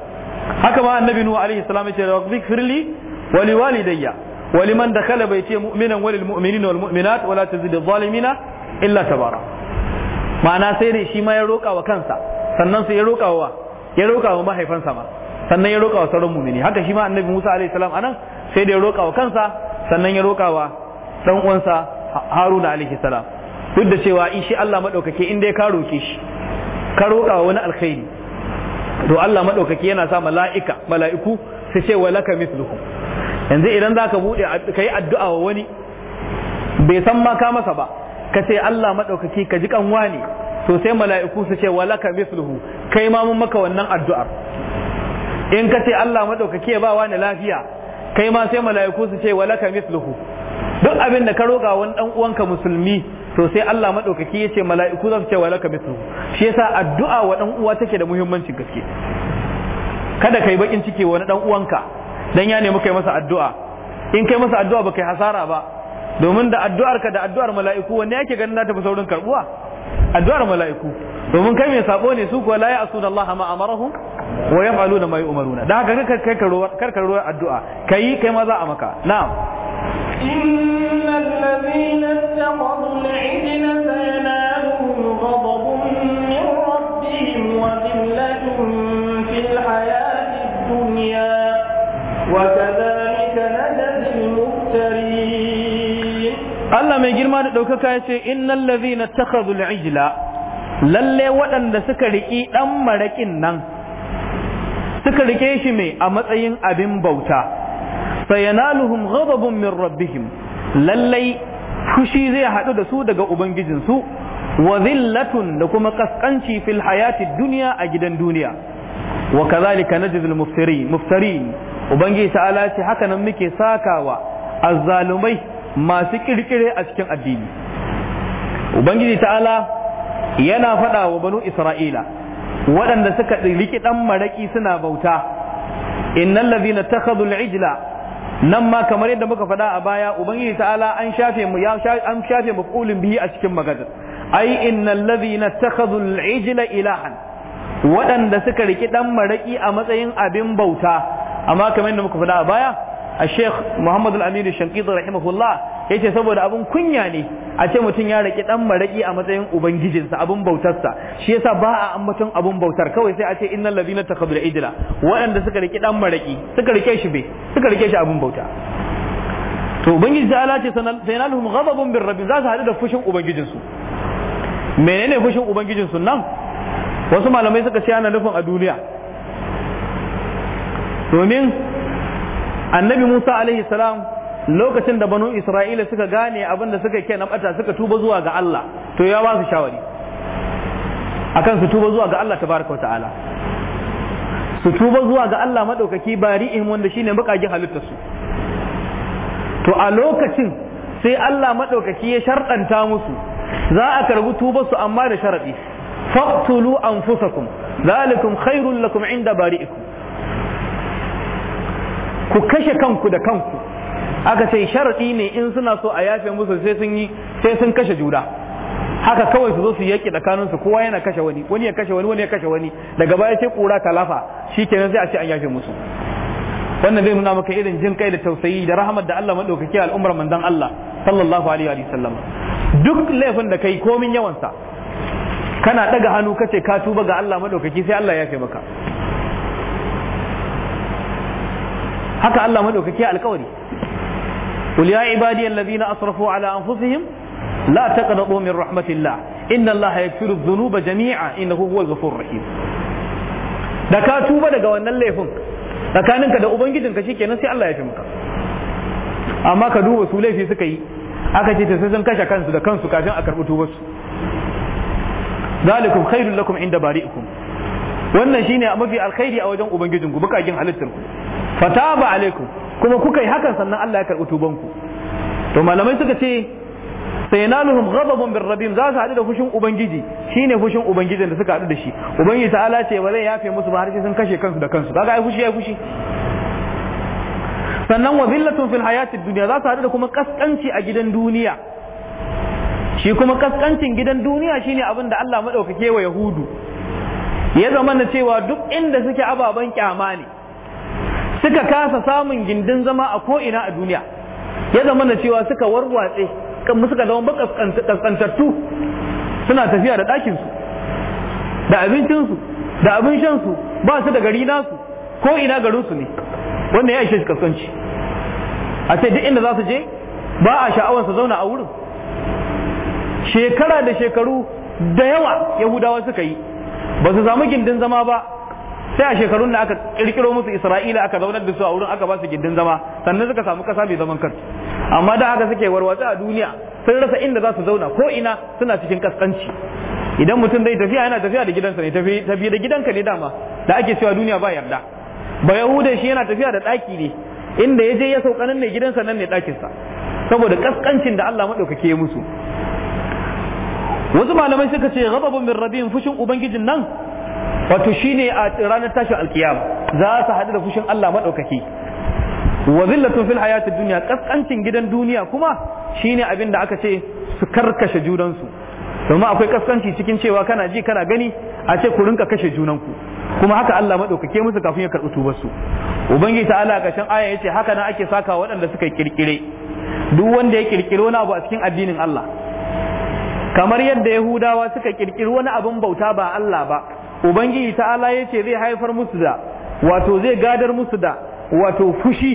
haka ma annabi nuhu alaihi salam yace rabbi firli wa li walidayya wa liman dakhala baiti mu'minan wa lil mu'minina wal mu'minat wa la tazid adh-dhalimina illa tabara ma'ana sai ne shi ma ya roƙa wa kansa sannan sai ya roƙa wa ya roƙa wa mahaifansa ma sannan ya roƙa wa sauran mu'mini haka shi ma annabi Musa alaihi salam anan sai da ya roƙa wa kansa sannan ya roƙa wa dan uwansa Haruna alaihi salam duk da cewa in shi Allah madaukake in dai ka roke shi ka roƙa wa wani alkhairi to Allah madaukaki yana sa mala'ika mala'iku su ce wa laka mithluhum yanzu idan zaka bude kai addu'a wa wani bai san ma ka masa ba ka ce Allah madaukaki ka ji kan wani to sai mala'iku su ce wa laka mithluhu kai ma mun maka wannan addu'ar in ka ce Allah madaukaki ya ba wani lafiya kai ma sai mala'iku su ce wa laka mithluhu duk abin da ka roga wani dan uwanka musulmi to sai Allah madaukaki yace mala'iku za su ce walaka mithlu shi yasa addu'a wa dan uwa take da muhimmancin gaske kada kai bakin ciki wani dan uwanka dan ya nemi kai masa addu'a in kai masa addu'a ba kai hasara ba domin da addu'arka da addu'ar mala'iku wanne yake ganin za ta fi saurin karbuwa addu'ar mala'iku domin kai mai saɓo ne su kuwa la ya asuna Allah ma amarahum wa yaf'aluna ma yu'maruna dan haka kai kar ka addu'a kai kai ma za a maka na'am innal ladina taqadu Allah mai girma da ɗaukaka ya ce innal ladhina takhadhu al-ijla lalle waɗanda suka riki ɗan maraƙin nan suka rike shi mai a matsayin abin bauta sayanaluhum ghadabun min rabbihim lallai fushi zai haɗu da su daga ubangijinsu wa zillatun da kuma ƙasƙanci fil hayati duniya a gidan duniya wa kazalika na muftari muftari ubangiji ta'ala ce haka nan muke sakawa azzalumai masu ƙirƙire a cikin addini ubangiji ta'ala yana faɗa wa banu isra'ila waɗanda suka riki ɗan maraƙi suna bauta Inna lazina takhadhu ijla nan ma kamar yadda muka faɗa a baya ubangiji ta'ala an shafe mu ya an shafe maf'ulin bihi a cikin maganar ai innal ladhina takhadhu al-ijla ilahan waɗanda suka riki dan maraki a matsayin abin bauta amma kamar yadda muka faɗa a baya a sheikh muhammadu aminu shankizu rahimahullah yace saboda abin kunya ne a ce mutum ya raki dan maraki a matsayin ubangijinsa abin bautarsa shi yasa ba a ambaton abin bautar kawai sai a ce innal ladina takabbara ijla waɗanda suka riki dan maraki suka rike shi be suka rike shi abin bauta to ubangiji ta ala ce sayanalhum ghadabun bir rabbi za su haɗu da fushin ubangijinsu menene fushin ubangijinsu nan wasu malamai suka ce ana nufin a duniya domin annabi musa alaihi salam lokacin da banu isra'ila suka gane abin da suka ke na bata suka tuba zuwa ga allah to ya ba su shawari akan su tuba zuwa ga allah tabaraka wa ta'ala su tuba zuwa ga allah madaukaki bari'in wanda shine bakage halitta su to a lokacin sai allah madaukaki ya sharɗanta musu za a karbi tuba su amma da sharaɗi faqtulu anfusakum zalikum khairul lakum inda bari'ikum ku kashe kanku da kanku aka ce sharaɗi ne in suna so a yafe musu sai sun yi sai sun kashe juna haka kawai su zo su yaƙi tsakanin su kowa yana kashe wani wani ya kashe wani wani ya kashe wani daga baya sai kura shi lafa shikenan sai a ce an yafe musu wannan zai nuna maka irin jin kai da tausayi da rahmat da Allah madaukake al'ummar manzon Allah sallallahu alaihi wa sallam duk laifin da kai komin yawansa kana daga hannu kace ka tuba ga Allah madaukaki sai Allah ya yafe maka haka Allah madaukake alkawari qul ya ibadi alladhina asrafu ala anfusihim la taqnatu min rahmatillah inna Allah yaghfiru dhunuba jami'a innahu huwal ghafurur rahim da ka tuba daga wannan laifin tsakaninka da ubangijin ubangijinka shikenan sai Allah ya fi maka amma ka duba su laifi suka yi aka ce ta sai sun kashe kansu da kansu kafin a karɓi tubarsu zalikum khairul lakum inda bari'ikum wannan shine mafi alkhairi a wajen ubangijinku bukakin halittar ku fataba alaikum kuma kuka yi hakan sannan Allah ya karɓi tubanku to malamai suka ce sayanaluhum ghadabun bir rabbim za su haɗu da fushin ubangiji shine fushin ubangijin da suka haɗu da shi ubangiji ta'ala ce ba zai yafe musu ba har sai sun kashe kansu da kansu kaga ai fushi ai fushi sannan wa zillatun fil hayatid dunya za su haɗu da kuma kaskanci a gidan duniya shi kuma kaskancin gidan duniya shine abin da Allah madaukake wa yahudu ya zama na cewa duk inda suke ababen kyama ne suka kasa samun gindin zama a ko'ina a duniya ya zama da cewa suka warwatse kan suka zama bakaskantattu suna tafiya da ɗakinsu da abincinsu da abin shansu ba su da gari nasu ko ina garinsu ne wanda ya ishe shi kaskanci a sai duk inda za su je ba a sha'awar su zauna a wurin shekara da shekaru da yawa yahudawa suka yi ba su samu gindin zama ba sai a shekarun da aka kirkiro musu isra'ila aka zaunar da su a wurin aka ba su gindin zama sannan suka samu kasa mai zaman kansu amma da haka suke warwatsa a duniya sun rasa inda za su zauna ko ina suna cikin kaskanci idan mutum zai tafiya yana tafiya da gidansa ne tafi da gidanka ne dama da ake cewa duniya ba yarda ba yahuda shi yana tafiya da ɗaki ne inda ya je ya sauka nan ne gidansa nan ne ɗakinsa saboda kaskancin da Allah maɗaukake ya musu wasu malamai suka ce ghadabun min rabbin fushin ubangijin nan wato shine a ranar tashin alkiyama za su haɗu da fushin Allah maɗaukaki wa zillatun fil hayati duniya kaskancin gidan duniya kuma shine abin da aka ce su karkashe junansu domin akwai kaskanci cikin cewa kana ji kana gani a ce ku rinka kashe junanku kuma haka Allah maɗaukake musu kafin ya karɓi tubarsu ubangiji ta Allah kashin aya yace haka na ake saka waɗanda suka kirkire duk wanda ya kirkiri wani abu a cikin addinin Allah kamar yadda Yahudawa suka kirkiri wani abin bauta ba Allah ba ubangiji ta'ala ya ce zai haifar musu da wato zai gadar musu da wato fushi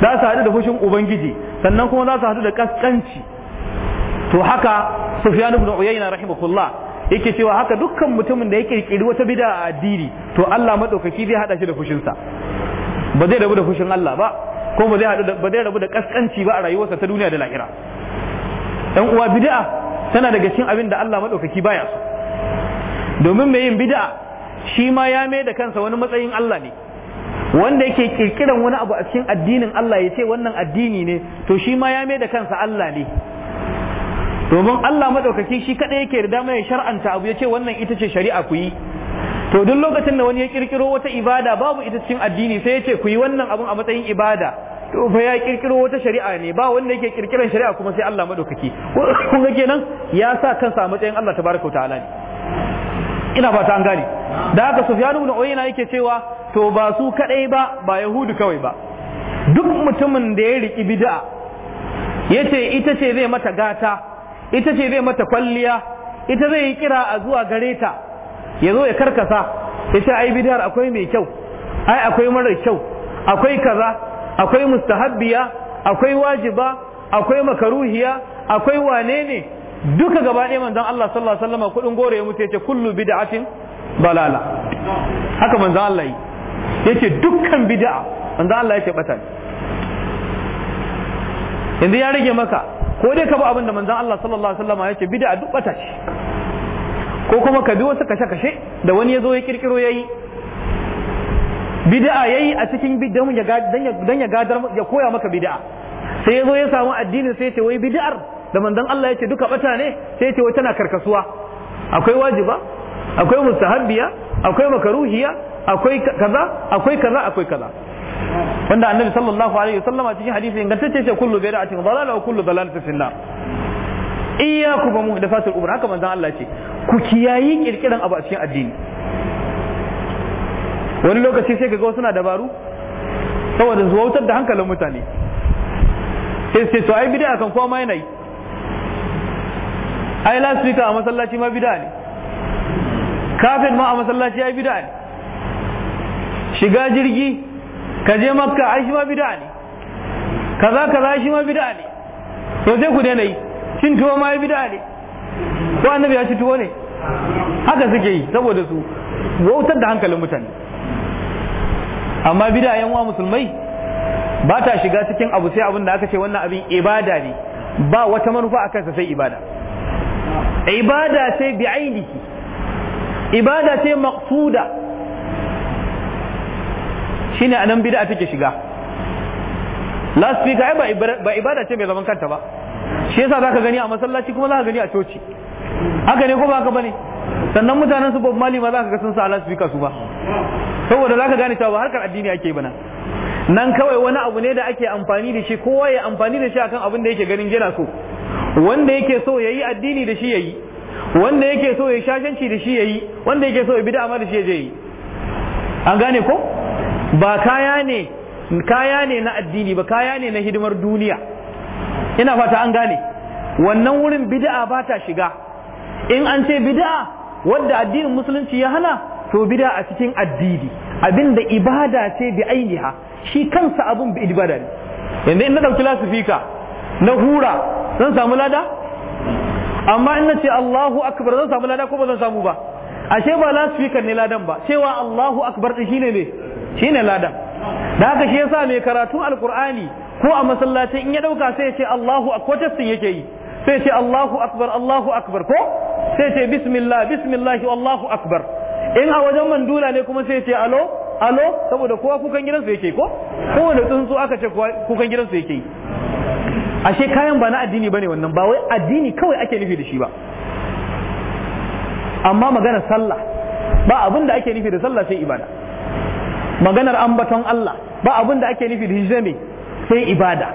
za su haɗu da fushin ubangiji sannan kuma za su haɗu da ƙasƙanci to haka sufyan ibn uyayna rahimahullah yake cewa haka dukkan mutumin da ya kirkiri wata bid'a a addini to Allah madaukaki zai haɗa shi da fushinsa ba zai rabu da fushin Allah ba kuma ba zai ba zai rabu da ƙasƙanci ba a rayuwarsa ta duniya da lahira dan uwa bid'a tana daga cikin abin da Allah madaukaki baya so domin mai yin bid'a shi ma ya mai da kansa wani matsayin Allah ne wanda yake kirkiran wani abu a cikin addinin Allah ya ce wannan addini ne to shi ma ya mai da kansa Allah ne domin Allah madaukaki shi kadai yake da mai shar'anta abu ya ce wannan ita ce shari'a ku yi to duk lokacin da wani ya kirkiro wata ibada babu ita cikin addini sai ya ce ku yi wannan abun a matsayin ibada to fa ya kirkiro wata shari'a ne ba wanda yake kirkiran shari'a kuma sai Allah madaukaki kun ga kenan ya sa kansa a matsayin Allah tabaraka ta'ala ne ina fata an gane da haka sufyan ibn uyayna yake cewa to ba su kadai ba ba yahudu kawai ba duk mutumin da ya riki bid'a yace ita ce zai mata gata ita ce zai mata kwalliya ita zai yi kira a zuwa gareta ta ya zo ya karkasa ya ce ai bid'ar akwai mai kyau ai akwai mara kyau akwai kaza akwai mustahabbiya akwai wajiba akwai makaruhiya akwai wane ne duka gaba ɗaya manzon Allah sallallahu alaihi wasallam kudin gore ya mutu yace kullu bid'atin balala haka manzan Allah yi yace dukkan bid'a manzon Allah yace bata yanzu ya rage maka ko dai ka bi abin da manzon Allah sallallahu alaihi wasallam yace bid'a duk bata ce ko kuma ka bi wasu kashe-kashe da wani ya zo ya kirkiro yayi bid'a yayi a cikin bid'a ya dan ya gadar ya koya maka bid'a sai ya zo ya samu addinin sai ya ce wai bid'ar da manzon Allah yake duka bata ne sai yace wai tana karkasuwa akwai wajiba akwai mustahabbiya akwai makaruhiya akwai kaza akwai kaza akwai kaza wanda annabi sallallahu alaihi wasallama cikin hadisi ingantacce ce kullu bid'atin dalala wa kullu dalalatin finnar iyyakum bi muhdathatil umur haka manzon Allah ce ku kiyayi kirkiran abu a cikin addini wani lokaci sai kaga suna dabaru saboda zuwautar da hankalin mutane sai sai to ai bid'a kan kowa ma yana yi ai lasfika a masallaci ma bida ne kafin ma a masallaci ai bida ne shiga jirgi ka je makka ai shi ma bida ne kaza kaza shi ma bida ne to sai ku daina yi cin tuwo ma ai bida ne ko annabi ya ci tuwo ne haka suke yi saboda su wautar da hankalin mutane amma bida yan wa musulmai ba ta shiga cikin abu sai abin da aka ce wannan abin ibada ne ba wata manufa a kansa sai ibada ibada ce ainihi ibada ce maqsuda shine anan bid'a take shiga last week ai ba ibada ce mai zaman kanta ba shi yasa zaka gani a masallaci kuma zaka gani a coci haka ne ko ba haka bane sannan mutanen su Bob Marley ma zaka ga sun sa last week su ba saboda zaka gane cewa harkar addini ake bana nan kawai wani abu ne da ake amfani da shi kowa ya amfani da shi akan abin da yake ganin yana so wanda yake so yayi addini da shi yayi wanda yake so yayi shashanci da shi yayi wanda yake so ya bid'a ma da shi yi an gane ko ba kaya ne kaya ne na addini ba kaya ne na hidimar duniya ina fata an gane wannan wurin bid'a ba ta shiga in an ce bid'a wadda addinin musulunci ya hana to bid'a a cikin addini abinda ibada ce bi ainiha shi kansa abun bi ibada ne yanzu in na dauki lasifika na hura zan samu lada amma ina ce Allahu akbar zan samu lada ko ba zan samu ba ashe ba speaker ne ladan ba cewa Allahu akbar din shine ne shine ladan da haka shi yasa mai karatun alkur'ani ko a masallaci in ya dauka sai ya ce Allahu akbar tasbih yake yi sai ya ce Allahu akbar Allahu akbar ko sai ya ce bismillah bismillah Allahu akbar in a wajen mandula ne kuma sai ya ce alo alo saboda kowa kukan gidansu yake ko kowane tsuntsu aka ce kukan gidansu yake ashe kayan ba na addini bane wannan ba wai addini kawai ake nufi da shi ba amma magana sallah ba abin da ake nufi da sallah sai ibada maganar ambaton Allah ba abin da ake nufi da shi ne sai ibada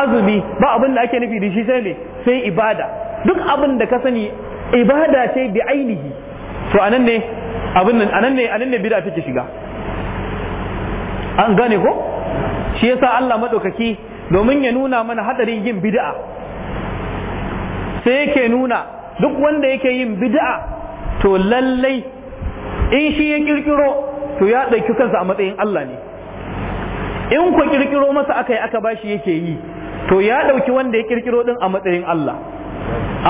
azumi ba abin da ake nufi da shi ne sai ibada duk abin da ka sani ibada sai bi ainihi to anan ne abin nan anan ne anan ne bid'a take shiga an gane ko shi yasa Allah madaukaki domin ya nuna mana hadarin yin bid'a sai yake nuna duk wanda yake yin bid'a to lallai in shi ya kirkiro to ya ɗauki kansa a matsayin Allah ne in ku kirkiro masa aka yi aka bashi yake yi to ya ɗauki wanda ya kirkiro ɗin a matsayin Allah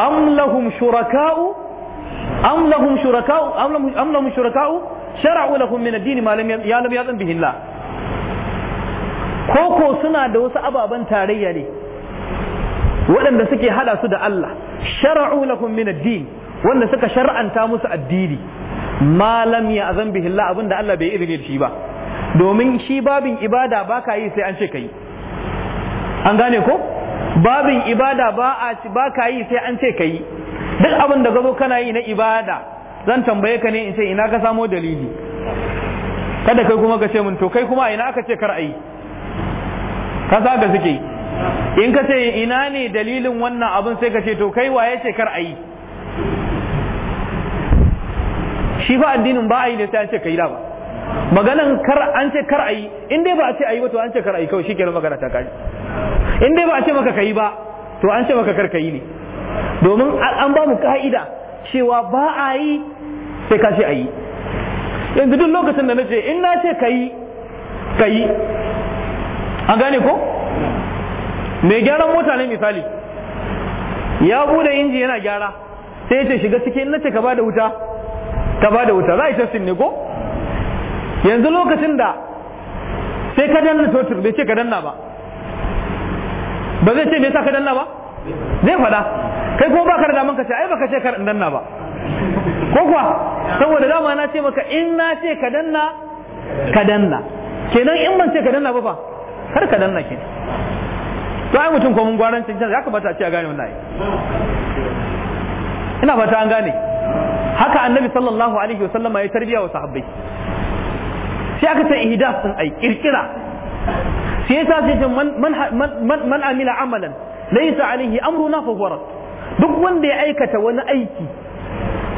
am lahum shuraka'u am lahum shuraka'u am lahum shuraka'u shara'u lahum min ad-din ma lam ya'lam bihi Allah Koko suna da wasu ababen tarayya ne waɗanda suke hada su da Allah shara'u lahum min ad-din wanda suka shar'anta musu addini ma lam ya'zan bihi Allah abinda Allah bai izini da shi ba domin shi babin ibada ba ka yi sai an ce ka yi an gane ko babin ibada ba a ba ka yi sai an ce ka yi duk abin da gazo kana yi na ibada zan tambaye ka ne in ce ina ka samo dalili kada kai kuma ka ce mun to kai kuma ina aka ce kar a yi ka ga suke in ka ce ina ne dalilin wannan abin sai ka ce to kai waye ce kar a yi shi ba addinin ba a yi ne sai an ce ka yi da ba maganan kar an ce kar a yi in dai ba a ce a yi ba to an ce kar a yi kawai shi kenan magana ta kaji in dai ba a ce maka ka yi ba to an ce maka kar ka yi ne domin an ba mu ka'ida cewa ba a yi sai ka ce a yi yanzu duk lokacin da na ce in na ce ka yi ka yi an gane ko mai gyaran mota ne misali ya bude inji yana gyara sai ce shiga cikin na ce ka bada wuta ka bada wuta za a yi testing ne ko yanzu lokacin da sai ka danna totur bai ce ka danna ba ba zai ce me yasa ka danna ba zai faɗa kai kuma baka da ka ce ai baka ce ka danna ba ko kuwa saboda dama na ce maka in na ce ka danna ka danna kenan in ban ce ka danna ba fa kar ka danna ke to ai mutum ko mun gwaran cin ya kamata a ci a gane wannan ina fata an gane haka annabi sallallahu alaihi wasallam ya tarbiya wa sahabbai sai aka ce ihdas din ai kirkira sai yasa sai man man man amila amalan laysa alaihi amruna fa huwa duk wanda ya aikata wani aiki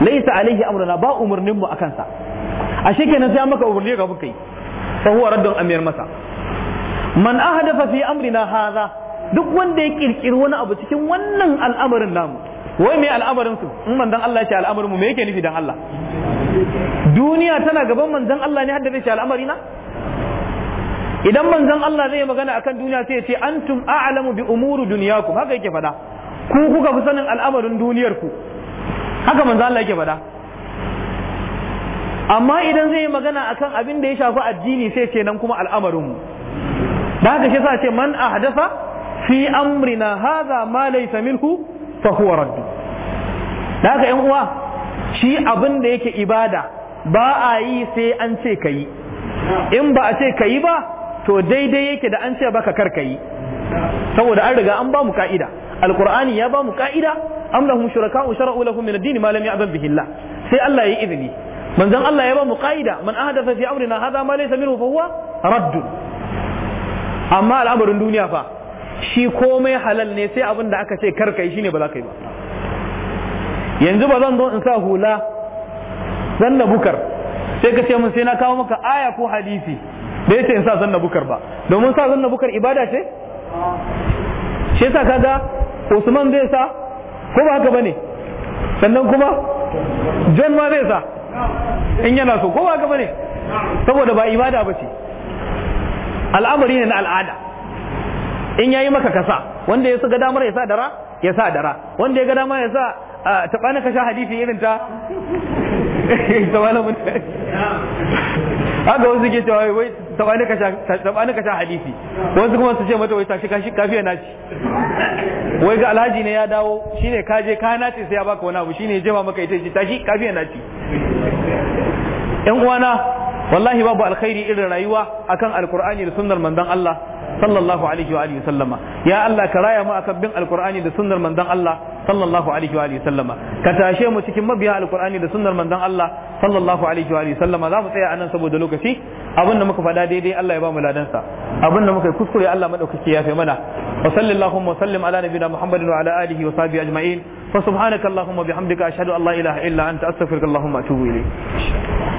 laysa alaihi amruna ba umurnin mu akan sa ashe kenan sai an maka umurni ga bukai fa huwa raddun amir masa man ahdafa fi amrina hadha duk wanda ya kirkiri wani abu cikin wannan al'amarin namu wai me al'amarin su in manzon Allah ya ce al'amarin mu me yake nufi dan Allah duniya tana gaban manzon Allah ne hadda zai ce al'amari na idan manzon Allah zai magana akan duniya sai ya ce antum a'lamu bi umuri dunyakum haka yake fada ku kuka fi sanin al'amarin duniyar ku haka manzon Allah yake fada amma idan zai magana akan abin da ya shafi addini sai ce nan kuma al'amarin mu da haka shi sa ce man ahdasa fi amrina hadha ma laysa minhu fa huwa radd da haka yan uwa shi abin da yake ibada ba a yi sai an ce kayi in ba a ce kayi ba to daidai yake da an ce baka kar kayi saboda an riga an ba mu ka'ida alqur'ani ya ba mu ka'ida am lahum shuraka'u shara'u lahum min ad-din ma lam ya'zan bihi Allah sai Allah yayi izini manzon Allah ya ba mu ka'ida man ahdatha fi amrina hadha ma laysa minhu fa huwa amma al'amarin duniya fa shi komai halal ne sai abin da aka ce kar shi ne ba za ka yi ba yanzu ba zan zo in sa hula zanna bukar sai ka ce mun sai na kawo maka aya ko hadisi da ce in sa zanna bukar ba domin sa zanna bukar ibada ce shi sa kaga Usman zai sa ko ba haka bane sannan kuma John ma zai sa in yana so ko ba haka bane saboda ba ibada ba ce al'amari ne na al'ada in yayi maka kasa wanda ya ga damar ya sa dara ya sa dara wanda ya ga damar ya sa ta bani kasha hadisi irin ta (laughs) ta mun haka wasu ke cewa wai ta bani kasha hadisi wasu kuma su ce mata wai tashi kashi kafiya na ci wai ga alhaji ne ya dawo shine ka je ka nace sai ya baka wani abu shine ya jema maka ita ce tashi kafiya na ci yan uwana wallahi babu alkhairi irin rayuwa akan alkur'ani da sunnar manzon Allah sallallahu alaihi wa alihi sallama ya Allah ka raya mu akan bin alkur'ani da sunnar manzon Allah sallallahu alaihi wa alihi sallama ka tashe mu cikin mabiya alkur'ani da sunnar manzon Allah sallallahu alaihi wa alihi sallama za mu tsaya anan saboda lokaci abin da muka faɗa daidai Allah ya ba mu ladansa sa abin da muka kuskure Allah madaukaki ya fi mana wa sallallahu wa sallim ala nabiyina muhammadin wa ala alihi wa sahbihi ajma'in fa subhanaka allahumma bihamdika ashhadu an la ilaha illa anta astaghfiruka allahumma atubu ilayk